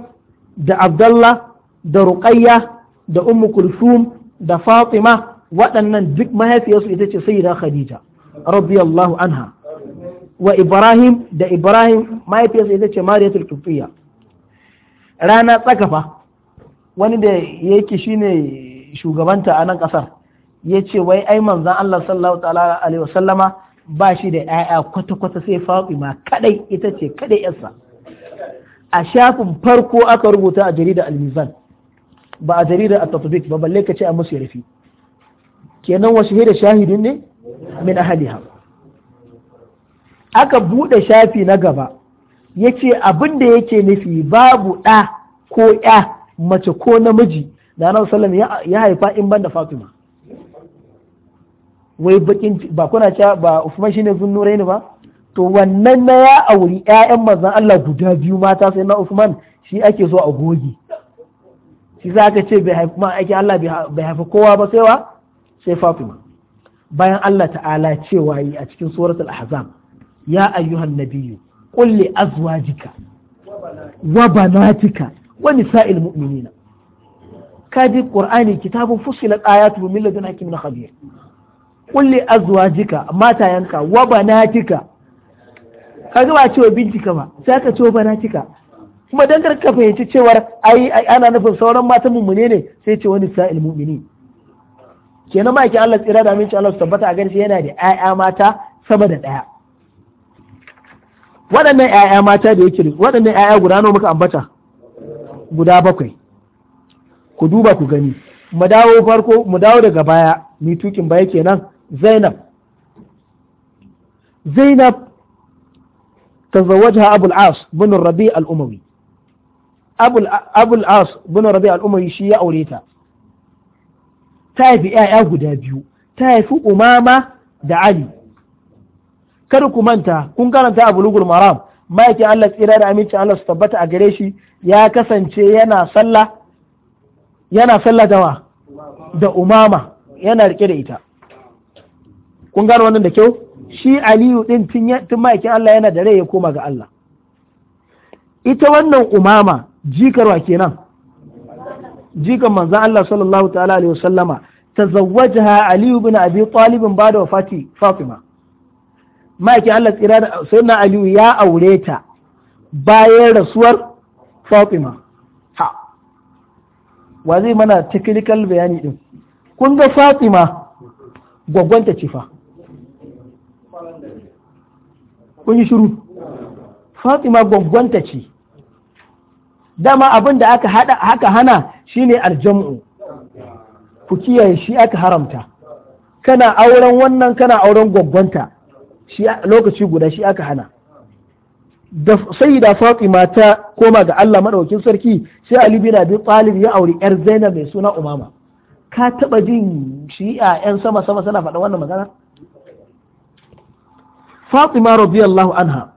da abdallah da ruqayya da ummu kulsum da fatima waɗannan duk mahaifiyarsu ita ce sayyida khadija radiyallahu anha wa ibrahim da ibrahim mahaifiyarsa ita ce mariyatul kufiya rana tsakafa wani da yake shine shugabanta a nan kasar ya ce wai ai manzan Allah sallallahu ta'ala alaihi wasallama ba shi da 'ya'ya kwata-kwata sai Fatima kadai ita ce kadai yarsa a shafin farko aka rubuta a jarida al-Mizan ba a jarida at-Tatbiq ba balle ka ce a musu yarfi kenan wasu shahida shahidin ne min ahliha aka buɗe shafi na gaba yace abin da yake nufi babu ɗa ko 'ya mace ko namiji da annabi sallam ya haifa in ban da fatima wai bakin ba kuna cewa ba usman shine zunnuraini ba to wannan na ya auri ƴaƴan manzon Allah guda biyu mata sai na usman shi ake so a goge shi za ka ce bai haifi ma ake Allah bai haifi kowa ba sai wa sai fatima bayan Allah ta'ala cewa yi a cikin suratul ahzab ya ayyuhan nabiyyu qul li azwajika wa banatika wa nisa'il mu'minina kaji qur'ani kitabun fusilat ayatu min ladun hakimin khabir qul li azwajika yanka, wa banatika kaga ba cewa bintika ba sai ka cewa banatika kuma dan ka fahimci cewar ai ana nufin sauran matan mummune ne sai ce wani sa'il mu'mini kenan ma yake Allah tsira da aminci Allah su tabbata a garshi yana da ƴaƴa mata sama da ɗaya waɗannan ƴaƴa mata da yake waɗannan ƴaƴa guda nawa muka ambata guda bakwai ku duba ku gani mu dawo farko mu dawo daga baya ni tukin baya kenan zainab zainab tazawwajha abul as bin rabi al umawi abul as bin rabi al umawi shi ya aure ta ta haifi 'ya'ya guda biyu ta haifi umama da ali kada ku manta kun karanta a bulugul maram ma'aikin Allah tsira da amincin Allah su tabbata a gare shi ya kasance yana sallah yana sallah dawa da umama yana rike da ita kun gano wannan da kyau shi aliyu din tun ma'aikin Allah yana da rai ya koma ga Allah ita wannan umama jikarwa kenan jikan manzan Allah sallallahu ta'ala alaihi wasallama tazawwajaha aliyu bin abi talibin ba da wafati fatima ma'aikin Allah tsira da sayyidina Aliyu ya aure ta bayan rasuwar Fatima ha wa zai mana technical bayani din kun ga Fatima gwagwanta ce fa kun yi shiru Fatima gwagwanta ce dama abin da aka hada haka hana shine aljam'u ku kiyaye shi aka haramta kana auren wannan kana auren gwaggwanta shi lokaci guda shi aka hana da sayyida fatima ta koma ga Allah madaukakin sarki sai ali bin abi talib ya auri yar zainab mai suna umama ka taba jin shi'a yan sama sama suna faɗa wannan magana fatima radiyallahu anha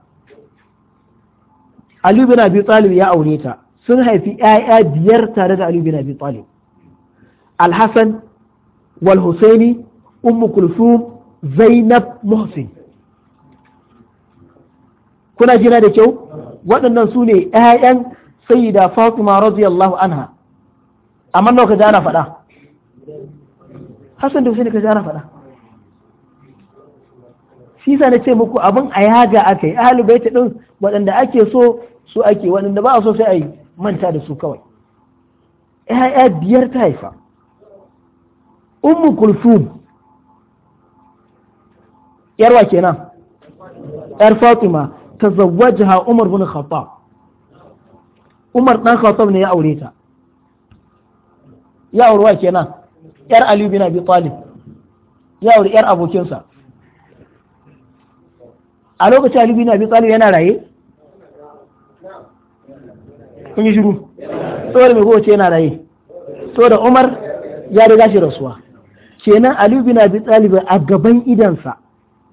ali bin abi talib ya aure ta sun haifi 'ya'ya biyar tare da ali bin abi talib alhasan hasan wal husaini ummu kulthum zainab muhsin kuna jina da kyau waɗannan su ne ƴaƴan sayyida fatima radiyallahu anha amma nawa kaji ana faɗa Hassan da ka kaji ana faɗa shi sa na ce muku abin a yaga aka yi ahalu ta ɗin waɗanda ake so su ake waɗanda ba a so sai a yi manta da su kawai ‘ya'ya biyar ta haifa ummu kulfum yarwa kenan ‘yar fatima tazawwajaha Umar bin Khattab Umar ɗan Khattab ne ya aure ta ya aure wa kenan yar Ali na biyu Talib ya aure yar abokinsa a lokacin Ali na biyu Talib yana raye kun yi shiru saboda mai kowace yana raye da Umar ya riga shi rasuwa kenan Ali na biyu Talib a gaban idansa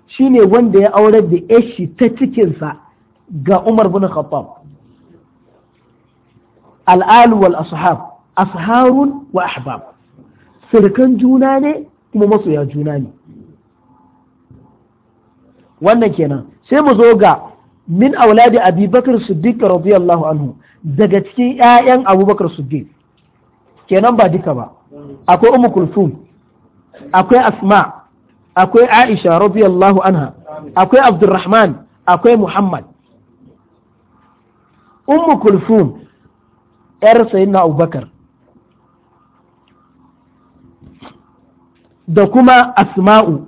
shi ne wanda ya aurar da eshi ta cikinsa ga Umar bin Khattab al'alu wal ashab asharun wa ahbab sirkan juna ne kuma masoya juna ne wannan kenan sai mu zo ga min auladi abi bakar siddiq radiyallahu anhu daga cikin 'ya'yan abubakar siddiq kenan ba duka ba akwai Umar kulsum akwai asma akwai Aisha radiyallahu anha akwai Abdurrahman akwai Muhammad Ummu Kulsum ‘yar sayyidina Abubakar da kuma Asma'u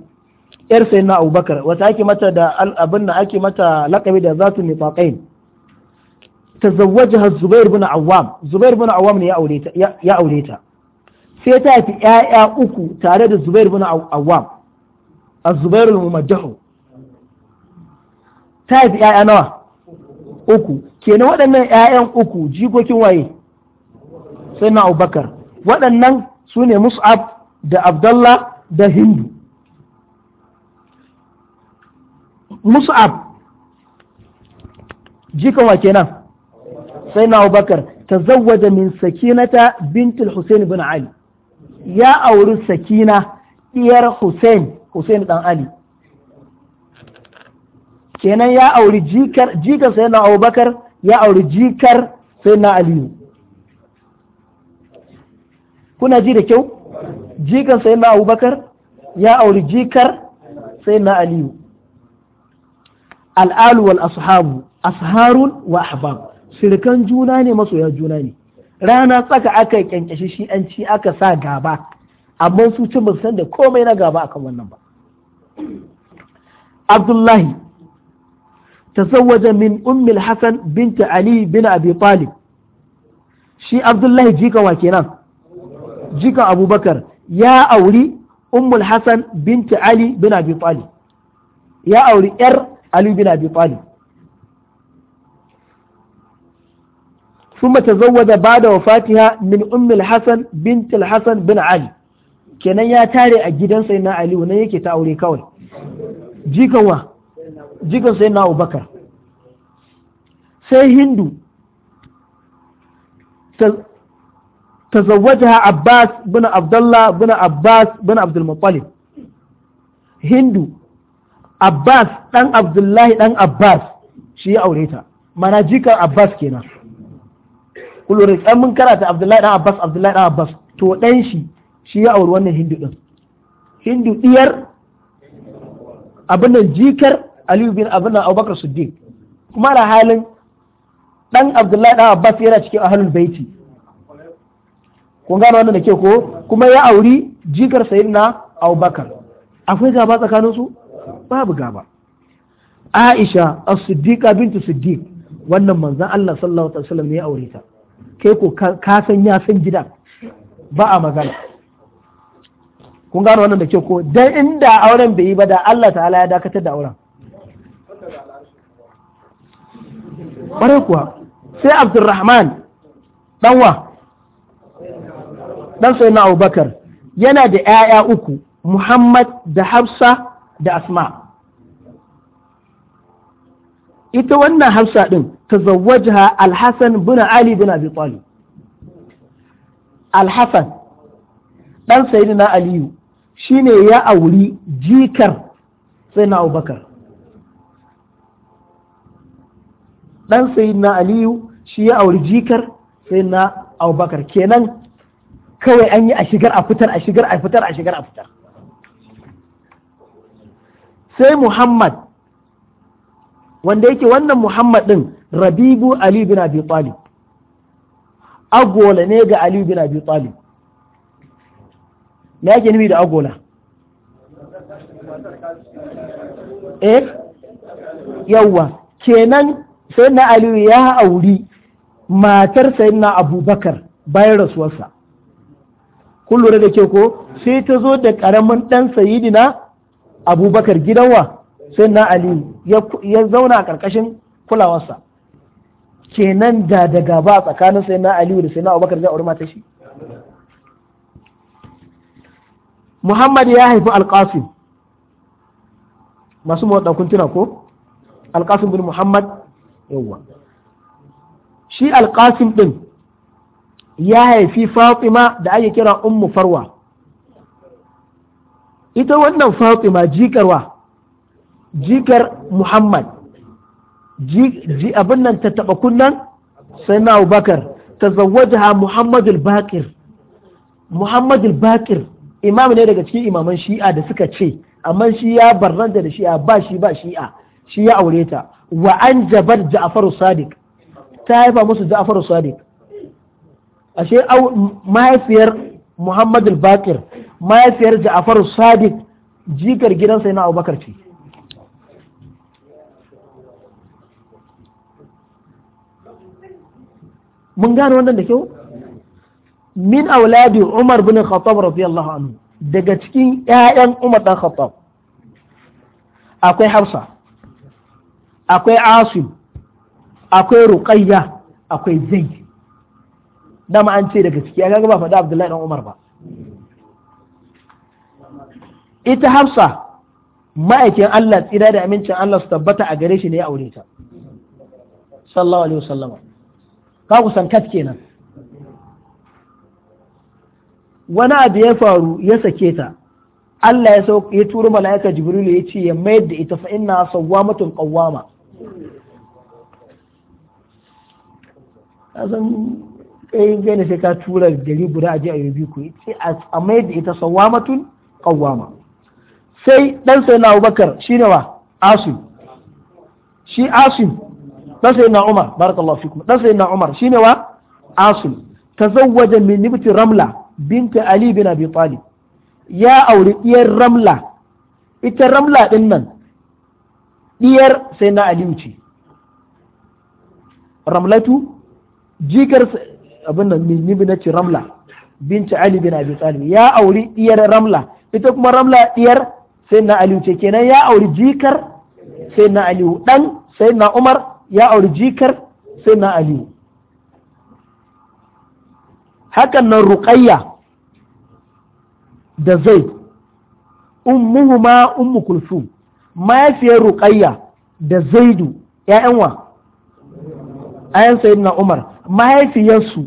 ‘yar sayyidina Abubakar wata ake mata da abin da ake mata lakabi da zatu nifaqain tazawwajaha Zubair bin Awwam Zubair bin Awwam ne ya aure ta sai ta haifi ‘ya'ya uku tare da Zubair bin Awwam azubairu Zubairu ta haifi ƴaƴa nawa uku kenan waɗannan 'ya'yan uku jikokin waye sai na abubakar waɗannan su ne mus'ab da abdallah da hindu mus'ab jikan wa kenan sai na abubakar tazawwaja min sakinata bintul husain bin ali ya auri sakina diyar husain Hussein dan Ali kenan ya auri jikar jikar sai na Abubakar ya auri jikar sai na Aliyu kuna ji da kyau jikar sai na Abubakar ya auri jikar sai na Aliyu al'alu wal ashabu asharun wa ahbab shirkan juna ne masoya juna ne rana tsaka aka kyankyashi shi an ci aka sa gaba amma su cin ba san da komai na gaba akan wannan ba عبد الله تزوج من أم الحسن بنت علي بن أبي طالب شي عبد الله جيكا وكينا جيكا أبو بكر يا أولي أم الحسن بنت علي بن أبي طالب يا أولي إر علي بن أبي طالب ثم تزوج بعد وفاتها من أم الحسن بنت الحسن بن علي kenan ya tare a gidan sai na aliyu nan yake ta aure kawai jikan wa jikan sai na abubakar sai hindu ta ha abbas bin abdullah bin abbas bin abdul muttalib hindu abbas dan abdullahi dan abbas shi ya aure ta mana jikan abbas kenan kullum mun karata abdullahi dan abbas abdullahi dan abbas to dan shi shi ya auri wannan hindu din hindu diyar abinnan jikar aliyu bin abinnan abubakar siddiq kuma da halin dan abdullahi dan abbas yana cikin ahlul baiti kun gano wannan da ke ko kuma ya auri jikar na abubakar akwai gaba tsakanin su babu gaba aisha as-siddiqa bintu siddiq wannan manzon Allah sallallahu alaihi wasallam ne ya aure ta kai ko ka san ya san gida ba a magana kun gano wannan da ke ko dan inda auren bai yi ba da Allah ta'ala ya dakatar da auren ƙwarai kuwa sai abdurrahman ɗanwa ɗan sai na abubakar yana da 'ya'ya uku muhammad da hafsa da asma ita wannan hafsa ɗin ta zawajha alhassan buna ali buna abi al alhassan ɗan na aliyu shine ya auri jikar sai na abubakar ɗan sai na aliyu shi ya auri jikar sai na abubakar kenan kawai an yi a shigar a fitar a shigar a fitar a shigar a fitar sai muhammad wanda yake wannan muhammad ɗin rabibu ali bin abi talib agola ne ga ali bin abi talib me ake nufi da agola eh yawwa kenan sai na aliyu ya auri matar sayyidina abubakar bayan rasuwarsa kun lura da ke ko sai ta zo da karamin dan Sayyidina abubakar gidanwa sai aliyu ya zauna a ƙarƙashin kulawarsa kenan da daga ba tsakanin sai na aliyu da sai abubakar zai auri mata shi muhammad ya haifi alƙasim masu mawaɗa kun tuna ko alƙasim bin muhammad yawwa shi alƙasim ɗin ya haifi fatima da ake kira ummu farwa ita wannan fatima jikarwa jikar muhammad ji abin nan ta taɓa kunnan sai na abubakar ta zawajaha muhammad al-bakir muhammad bakir imam ne daga cikin imaman shi'a da suka ce amma shi ya barranta da shi'a ba shi ba shi'a shi ya aure ta wa an jabar ja'far sadiq ta haifa musu ja'far sadiq ashe mahaifiyar muhammad bakir mahaifiyar ja'far sadiq jikar gidansa na abubakar ce mun gane wannan da kyau min auladi Umar bin Khattab radiyallahu anhu daga cikin ƴaƴan Umar dan Khattab akwai Hafsa akwai Asim akwai Ruqayya akwai da ma an ce daga ciki kaga ba faɗa Abdullahi dan Umar ba ita Hafsa ma'aikin Allah tsira da amincin Allah su tabbata a gare shi ne ya aure ta sallallahu alaihi ka kusan kat kenan wani abu ya faru ya sake ta Allah ya sauka ya turo mala'ika Jibrilu ya ce ya mayar da ita fa inna sawwamatun qawwama azan eh gane sai ka tura gari guda aje a ku ce a mayar da ita sawwamatun qawwama sai dan sai na Abubakar shine wa Asim shi Asim dan sai na Umar barakallahu fikum dan sai na Umar shine wa Asim tazawwaja min ibti ramla binta ali bin abi talib ya auri diyar ramla ita ramla din nan diyar sai na aliyu ce ramlatu jikar abin nan min na ce ramla binta ali bin abi talib ya auri diyar ramla ita kuma ramla diyar sai na aliyu ce kenan ya auri jikar sai na aliyu dan sai na umar ya auri jikar sai na aliyu hakan nan ruqayya da zai ma ummu kulsum mahaifiyar ruqayya da zaidu ƴaƴan wa ayan sayyidina umar mahaifiyarsu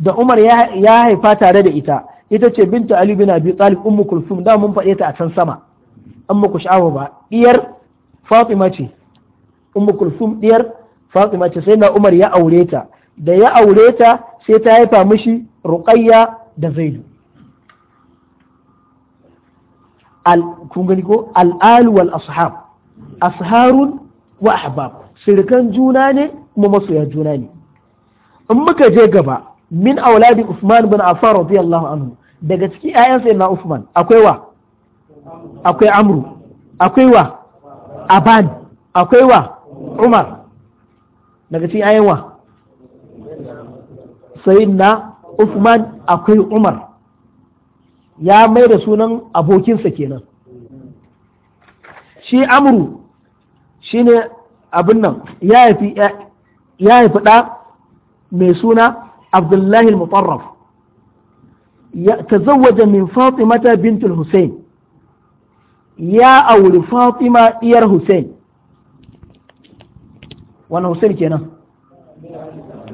da umar ya haifa tare da ita ita ce binta ali bin abi talib ummu kulsum da mun faɗe ta a can sama amma ku sha'awa ba diyar fatima ce ummu kulsum diyar fatima ce sai na umar ya aure ta da ya aure ta sai ta haifa mishi ruqayya da zaidu kun gani ko al'alu wal ashab asharun wa ahbab sirkan juna ne kuma masoya juna ne in muka je gaba min auladi Usman bin Affan radiyallahu anhu daga ciki sai na Usman akwai wa akwai Amru akwai wa Aban akwai wa Umar daga cikin ayan wa sayyidina Usman akwai Umar ya mai da sunan abokinsa kenan shi amru shi ne abin nan ya haifi ɗa mai suna abdullahi al-mutarraf tazawwaja min fatimata bintul hussein ya auri fatima iyar hussein wani hussein kenan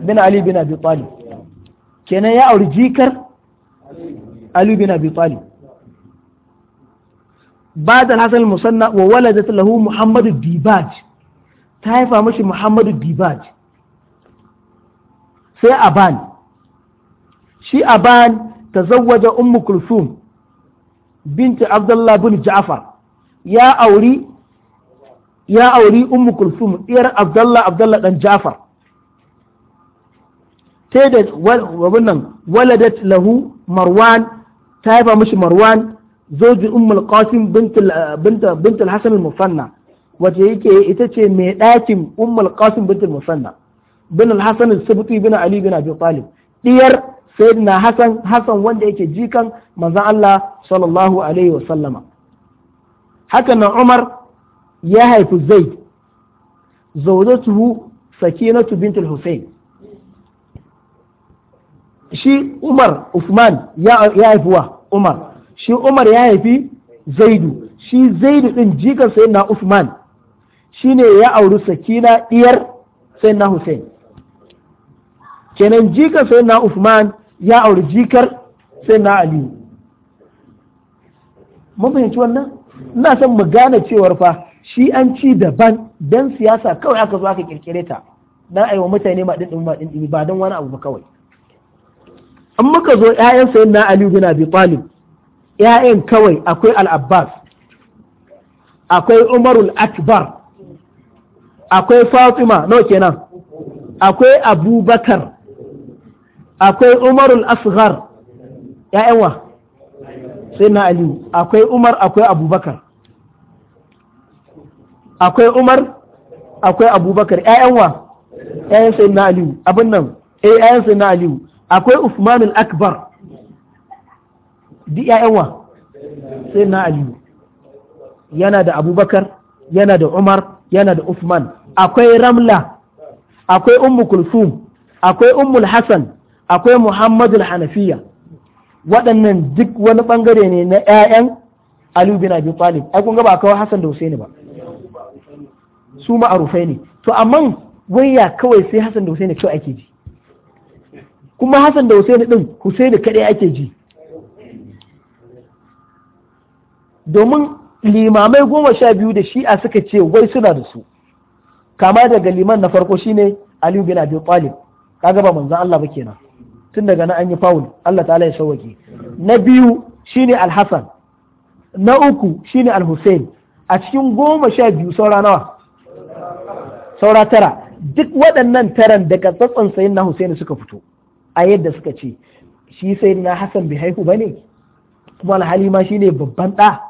bin ali bin abi talib kenan ya auri jikar Ali bin Abi Talib بعد الحسن المثنى وولدت له محمد الديباج تايفا مشي محمد الديباج سي أبان شي أبان تزوج أم كلثوم بنت عبد الله بن جعفر يا أولي يا أولي أم كلثوم إير عبد الله عبد الله بن جعفر تيدت ولدت له مروان ta haifa mishi marwan zoji ummul qasim bint eh, al-hasan al-musanna wace yake ita ce mai ɗakin ummul qasim bint al-musanna bin al-hasan al-subti bin ali bin abi talib diyar sayyidina hasan hasan wanda yake jikan manzon Allah sallallahu alaihi wa sallama haka na umar ya haifi zaid zawjatuhu sakinatu bint al-husayn shi Umar Usman ya haifi wa Umar shi Umar ya haifi Zaidu shi Zaidu din jikan sayyidina Usman shine ya auri Sakina diyar sai na Hussein kenan jikan na Usman ya auri jikar sai na Ali mun fahimci wannan ina son mu gane cewar fa shi an ci daban dan siyasa kawai aka zo aka kirkire ta dan aiwa mutane ma din ba dan wani abu ba kawai An muka zo sayin na Ali bin Abi Talib Ya'yan kawai akwai al-Abbas akwai Umarul Akbar akwai Fatima nawa kenan akwai Abubakar akwai Umarul Asghar ‘ya’yan wa na Ali akwai Umar akwai Abubakar akwai Umar akwai Abubakar ‘ya’yan wa sayin na Ali abin nan ‘ya’yan eh, sayin na Ali akwai Usman akbar duk ‘ya'yanwa sai na Aliyu yana da Abubakar yana da Umar yana da Usman akwai Ramla akwai Ummu Kulsum akwai Ummul Hassan akwai Muhammadul Hanafiya waɗannan duk wani ɓangare ne na ‘ya'yan Aliyu bin Abi Talib a kun ga ba kawo Hassan da Husaini ba su ma'arufai ne to amma wai ya kawai sai Hassan da Husaini kyau ake ji kuma Hassan da Husaini din Husaini kadai ake ji domin limamai goma sha biyu da shi'a suka ce wai suna da su kama daga liman na farko shine Ali bin Abi Talib kaga ba manzon Allah ba kenan tun daga nan an yi faul Allah ta'ala ya sauwake na biyu shine Al-Hasan na uku shine Al-Hussein a cikin goma sha biyu saura nawa saura tara duk waɗannan taran daga tsatsan sayin na Hussein suka fito a yadda suka ce shi sai na Hassan bai haihu bane kuma alhali ma shine babban da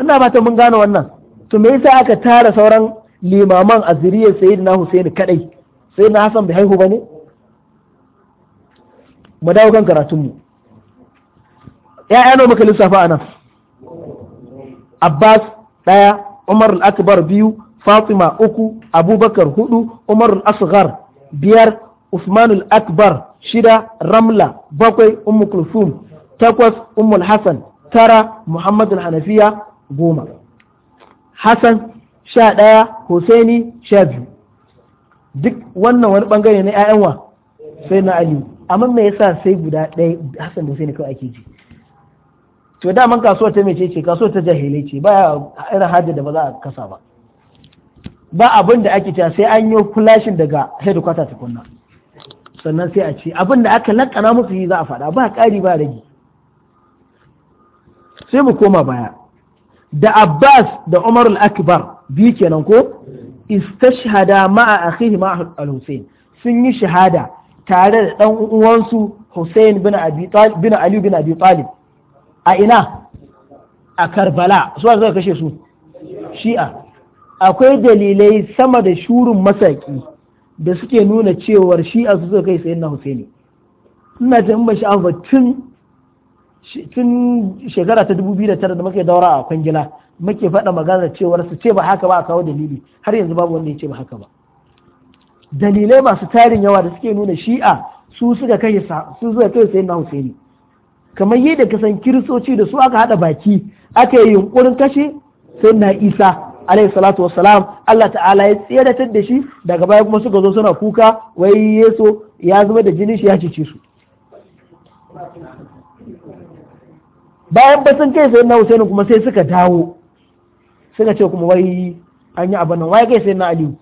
ina fata mun gane wannan to me yasa aka tara sauran limaman a zuriyar sayyidina Hussein kadai sayyidina Hassan bai haihu bane mu dawo kan karatunmu ya'ya nawa muka lissafa anan Abbas ɗaya Umar al-Akbar biyu fatima uku abubakar hudu umar asghar biyar usmanul akbar shida ramla bakwai ummu kulsum takwas ummul Hassan tara Muhammadu hanafiya goma Hassan sha ɗaya Hussaini sha biyu duk wannan wani bangare na 'ya'yan wa sai na ali amma me yasa sai guda ɗaya Hassan da hussaini kawai ake ji to man kasuwar ta mece ce kasuwar ta jahilai ce ba irin hajji da ba za a kasa ba ba abin da ake cewa sai an yi kulashin daga headquarter tukunna sannan sai a ce abin da aka lakana musu yi za a faɗa ba ƙari ba rage sai mu koma baya da Abbas da Umar al-Akbar bi kenan ko istashhada ma'a akhihi ma'a al-Husayn sun yi shahada tare da dan uwansu husayn bin Abi Talib bin Ali bin Abi Talib a ina a Karbala su za kashe su shi'a akwai dalilai sama da shurin masaki da suke nuna cewar shi a suka kai sayin na husaini ina ta in ba shi ba tun tun shekara ta 2009 da muke daura a kwangila muke faɗa magana cewar su ce ba haka ba a kawo dalili har yanzu babu wanda ya ce ba haka ba dalilai masu tarin yawa da suke nuna shi'a su suka kai su suka kai sayin na husaini kamar yadda kasan kiristoci da su aka haɗa baki aka yi yunkurin kashe sai na isa alaihi salatu wassalam Allah ta'ala ya tsiratar da shi daga baya kuma suka zo suna kuka wai yeso ya zama da jinin shi ya cece su bayan sun kai sai na Husainu kuma sai suka dawo suka ce kuma wai an yi abin nan wai kai sai na Aliyu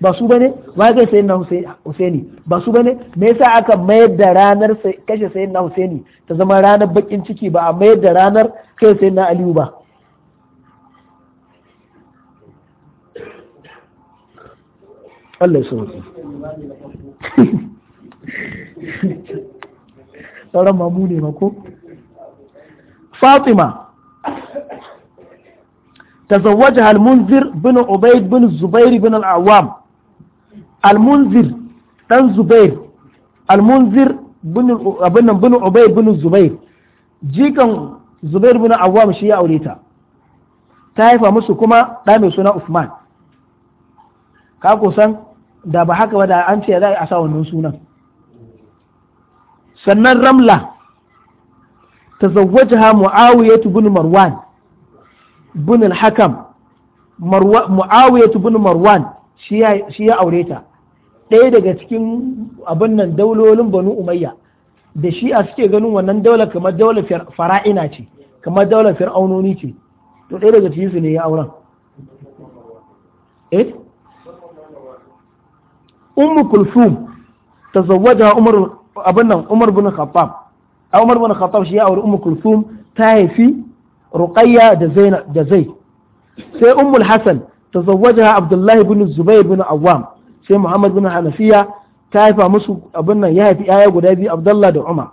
ba su bane wai kai sai na Husaini ba su bane me yasa aka mayar da ranar kashe sai na Husaini ta zama ranar bakin ciki ba a mayar da ranar kai sai na Aliyu ba Allah ya sauransu. Tsaron mamu ne ma Fatima ta zawaje Almunzir bin Ubaid bin Zubairu bin Al’awam. Almunzir ɗan Zubair, Almunzir bin Ubaid bin Zubair, jikan Zubair bin Al’awam shi ya aure ta, ta haifa musu kuma ɗa mai suna Usman. ka kusan da ba haka ba da an ce za a sa wannan sunan sannan ramla ta tazawwajaha ta bin marwan bin al-hakam ta bin marwan shi ya aure ta ɗaya daga cikin abin nan daulolin banu umayya da shi a suke ganin wannan daular kamar daular fara'ina ce kamar daular fir'aunoni ce to ɗaya daga cikin su ne ya auren eh ummu kulsum tazawwaja umar abin nan umar bin khattab a umar bin khattab shi ya auri ummu kulsum ta haifi ruqayya da zainab da zai sai ummul hasan tazawwaja abdullahi bin zubair bin Awam, sai muhammad bin hanafiya ta haifa musu abin nan ya haifi yaya guda biyu Abdullahi da umar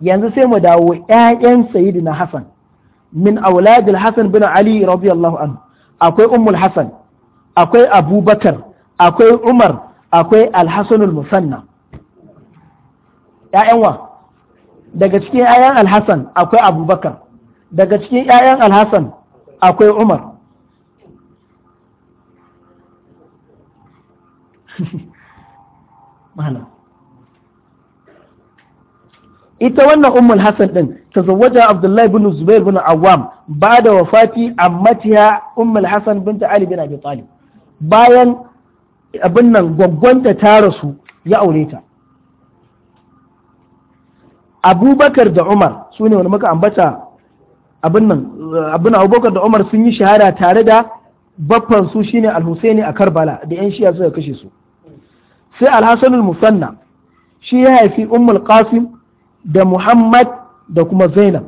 yanzu sai mu dawo ƴaƴan sayyidina hasan min auladil hasan bin ali radiyallahu anhu akwai ummul hasan akwai abubakar akwai umar akwai alhassanul musanna ‘ya'yan daga cikin ‘ya'yan alhassan akwai abubakar daga cikin ‘ya'yan alhassan akwai umar ita wannan Umar hassan din ta zawaja abdullahi bin zubair bin awam ba da wafati ammatiha ummul hassan binta ali bin abi talib bayan abin nan gwaggwanta ta rasu ya aure ta abubakar da umar su ne wani muka ambata abin nan abin abubakar da umar sun yi shahara tare da baffan su shine al-husaini a karbala da yan shiya suka kashe su sai al musanna shi ya haifi ummul qasim da muhammad da kuma zainab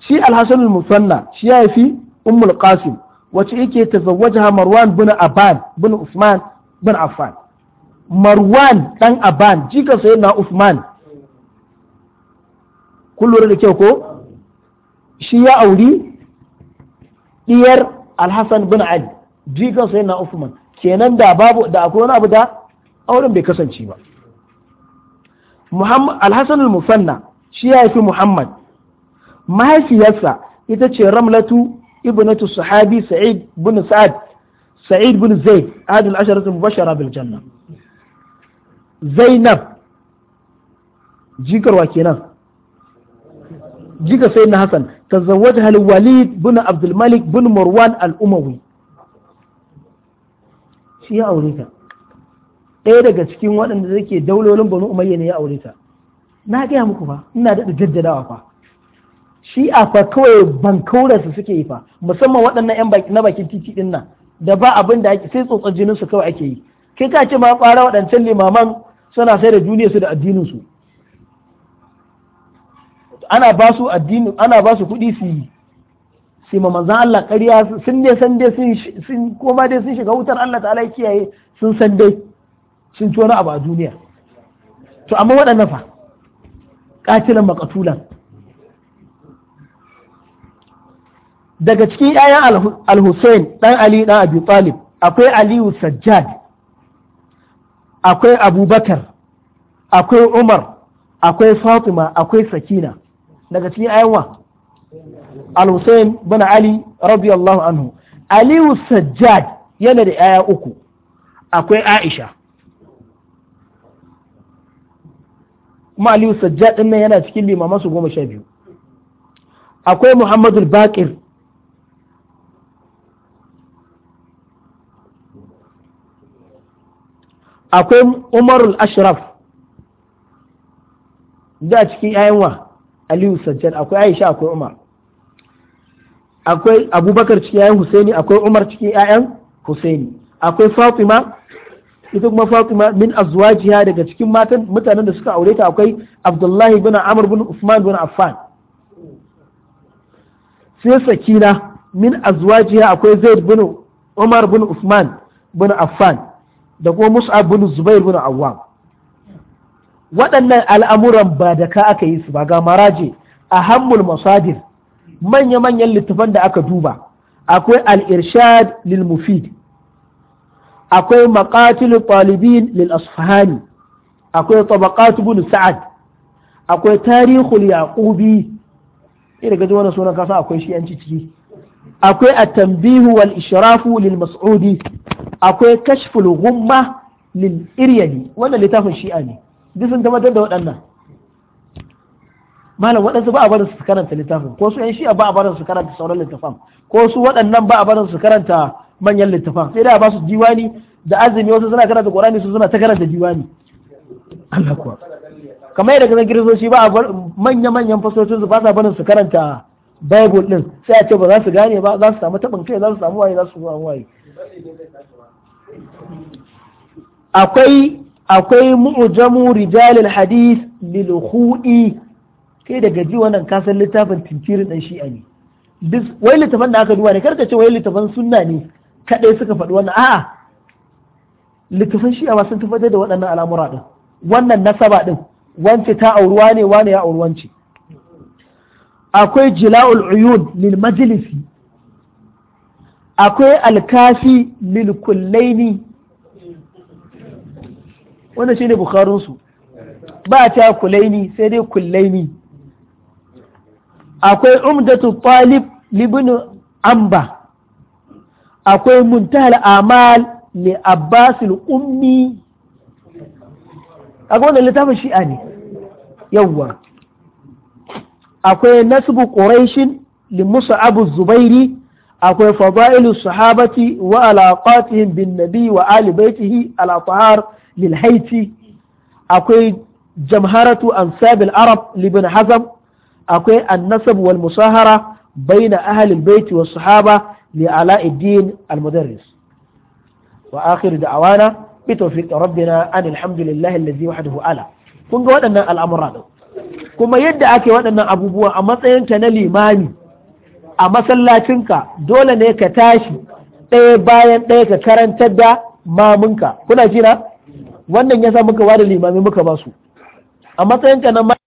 shi al musanna shi ya haifi ummul qasim wacce yake tazawwajaha Marwan bin Aban bin Usman bin Affan Marwan dan Aban jika sai na Usman kullum da kyau ko shi ya auri diyar Al-Hassan bin Ali jika sai na Usman kenan da babu da akwai wani abu da auren bai kasance ba Muhammad al al-Musanna shi ya fi Muhammad mahaifiyarsa ita ce Ramlatu ibnatu sahabi sa'id bin sa'ad sa'id bin zaid ahadul asharatu mubashara bil janna zainab jikarwa kenan jika sai na hasan tazawwaja hal walid bin abdul malik bin marwan al umawi shi ya aure ta ɗaya daga cikin waɗanda zake daulolin banu umayya ne ya aure na gaya muku fa ina daɗa jaddadawa fa shi'a fa kawai bankaurarsu suke yi fa musamman waɗannan 'yan na bakin titi ɗin nan da ba abin da ake sai tsotsar jinin su kawai ake yi kai ka ce ma ƙwara waɗancan limaman suna sai da duniya su da addinin su ana ba su addini ana ba su kuɗi su yi su ma manzan Allah ƙarya sun ne san dai sun koma dai sun shiga wutar Allah ta'ala kiyaye sun san dai sun ci wani abu a duniya to amma waɗannan fa katilan makatulan daga cikin 'ya'yan al-Hussein dan Ali dan Abi Talib akwai Aliyu Sajjad akwai Abubakar akwai Umar akwai Fatima akwai Sakina daga cikin 'ya'yan wa al-Hussein bin Ali radiyallahu anhu Aliyu Sajjad yana da 'ya'ya uku akwai Aisha kuma Aliyu Sajjad din yana cikin limamansu goma sha biyu akwai Muhammadul Baqir akwai umarul ashraf da cikin yayan wa aliyu sajjad akwai aisha akwai umar akwai abubakar cikin yayan husaini akwai umar cikin yayan husaini akwai fatima ita kuma fatima min azwajiha daga cikin matan mutanen da suka aure ta akwai abdullahi bin amr bin usman bin affan sai sakina min azwajiha akwai zaid bin umar bin usman bin affan da kuma Mus'ab bin Zubair bin Awwam waɗannan al'amuran ba da ka aka yi su ba ga maraje a hammul masadir manya-manyan littafan da aka duba akwai al-irshad lil mufid akwai maqatil talibin lil asfahani akwai tabaqat bin sa'ad akwai tarihul yaqubi ina ga wannan sunan kasa akwai shi an ciki akwai at-tanbih wal ishrafu lil mas'udi akwai kashful gumma lil iryani wannan littafin shi'a ne duk sun tabbatar da waɗannan malam waɗansu ba a barin su karanta littafin ko su yan shi'a ba a barin su karanta sauran littafan ko su waɗannan ba a barin su karanta manyan littafan sai da ba su diwani da azumi wasu suna karanta qur'ani su suna ta karanta diwani Allah kuwa kamar yadda girzo shi ba a manya-manyan fasocin su ba sa barin su karanta bible din sai a ce ba za su gane ba za su samu taɓin kai za su samu waye za su samu waye akwai akwai mu'jamu rijalil hadith lil khu'i kai daga ji wannan kasan littafin tinkirin dan shi'a ne duk wai littafin da aka duba ne karka ce wai littafin sunna ne kadai suka faɗi wannan a'a littafin shi'a ba sun tabbatar da waɗannan al'amura din wannan nasaba din wance ta auruwa ne wane ya auruwanci akwai jila'ul uyun lil majlisi akwai alkafi lilkullaini wanda shi ne bukharunsu ba ta kulaini sai dai kullaini akwai umdatu talib libin amba akwai muntahal amal ne abbasul ummi akwai wannan littafin shi'a ne yawwa akwai nasbu quraishin li musa abu zubairi akwai fadailu sahabati wa alaqatihim bin nabi wa ali baitihi ala tahar lil haiti akwai jamharatu ansab al arab libin hazam akwai annasab wal musahara baina ahli al baiti wa sahaba li ala din al mudarris wa akhir da'wana bi tawfiq rabbina an alhamdulillahi alladhi wahdahu ala kun ga waɗannan al'amura kuma yadda ake waɗannan abubuwa a matsayinta na limami a masallacinka dole ne ka tashi ɗaya bayan ɗaya ka karantar da mamunka kuna jira wannan ya sa muka ware limami muka ba a matsayin na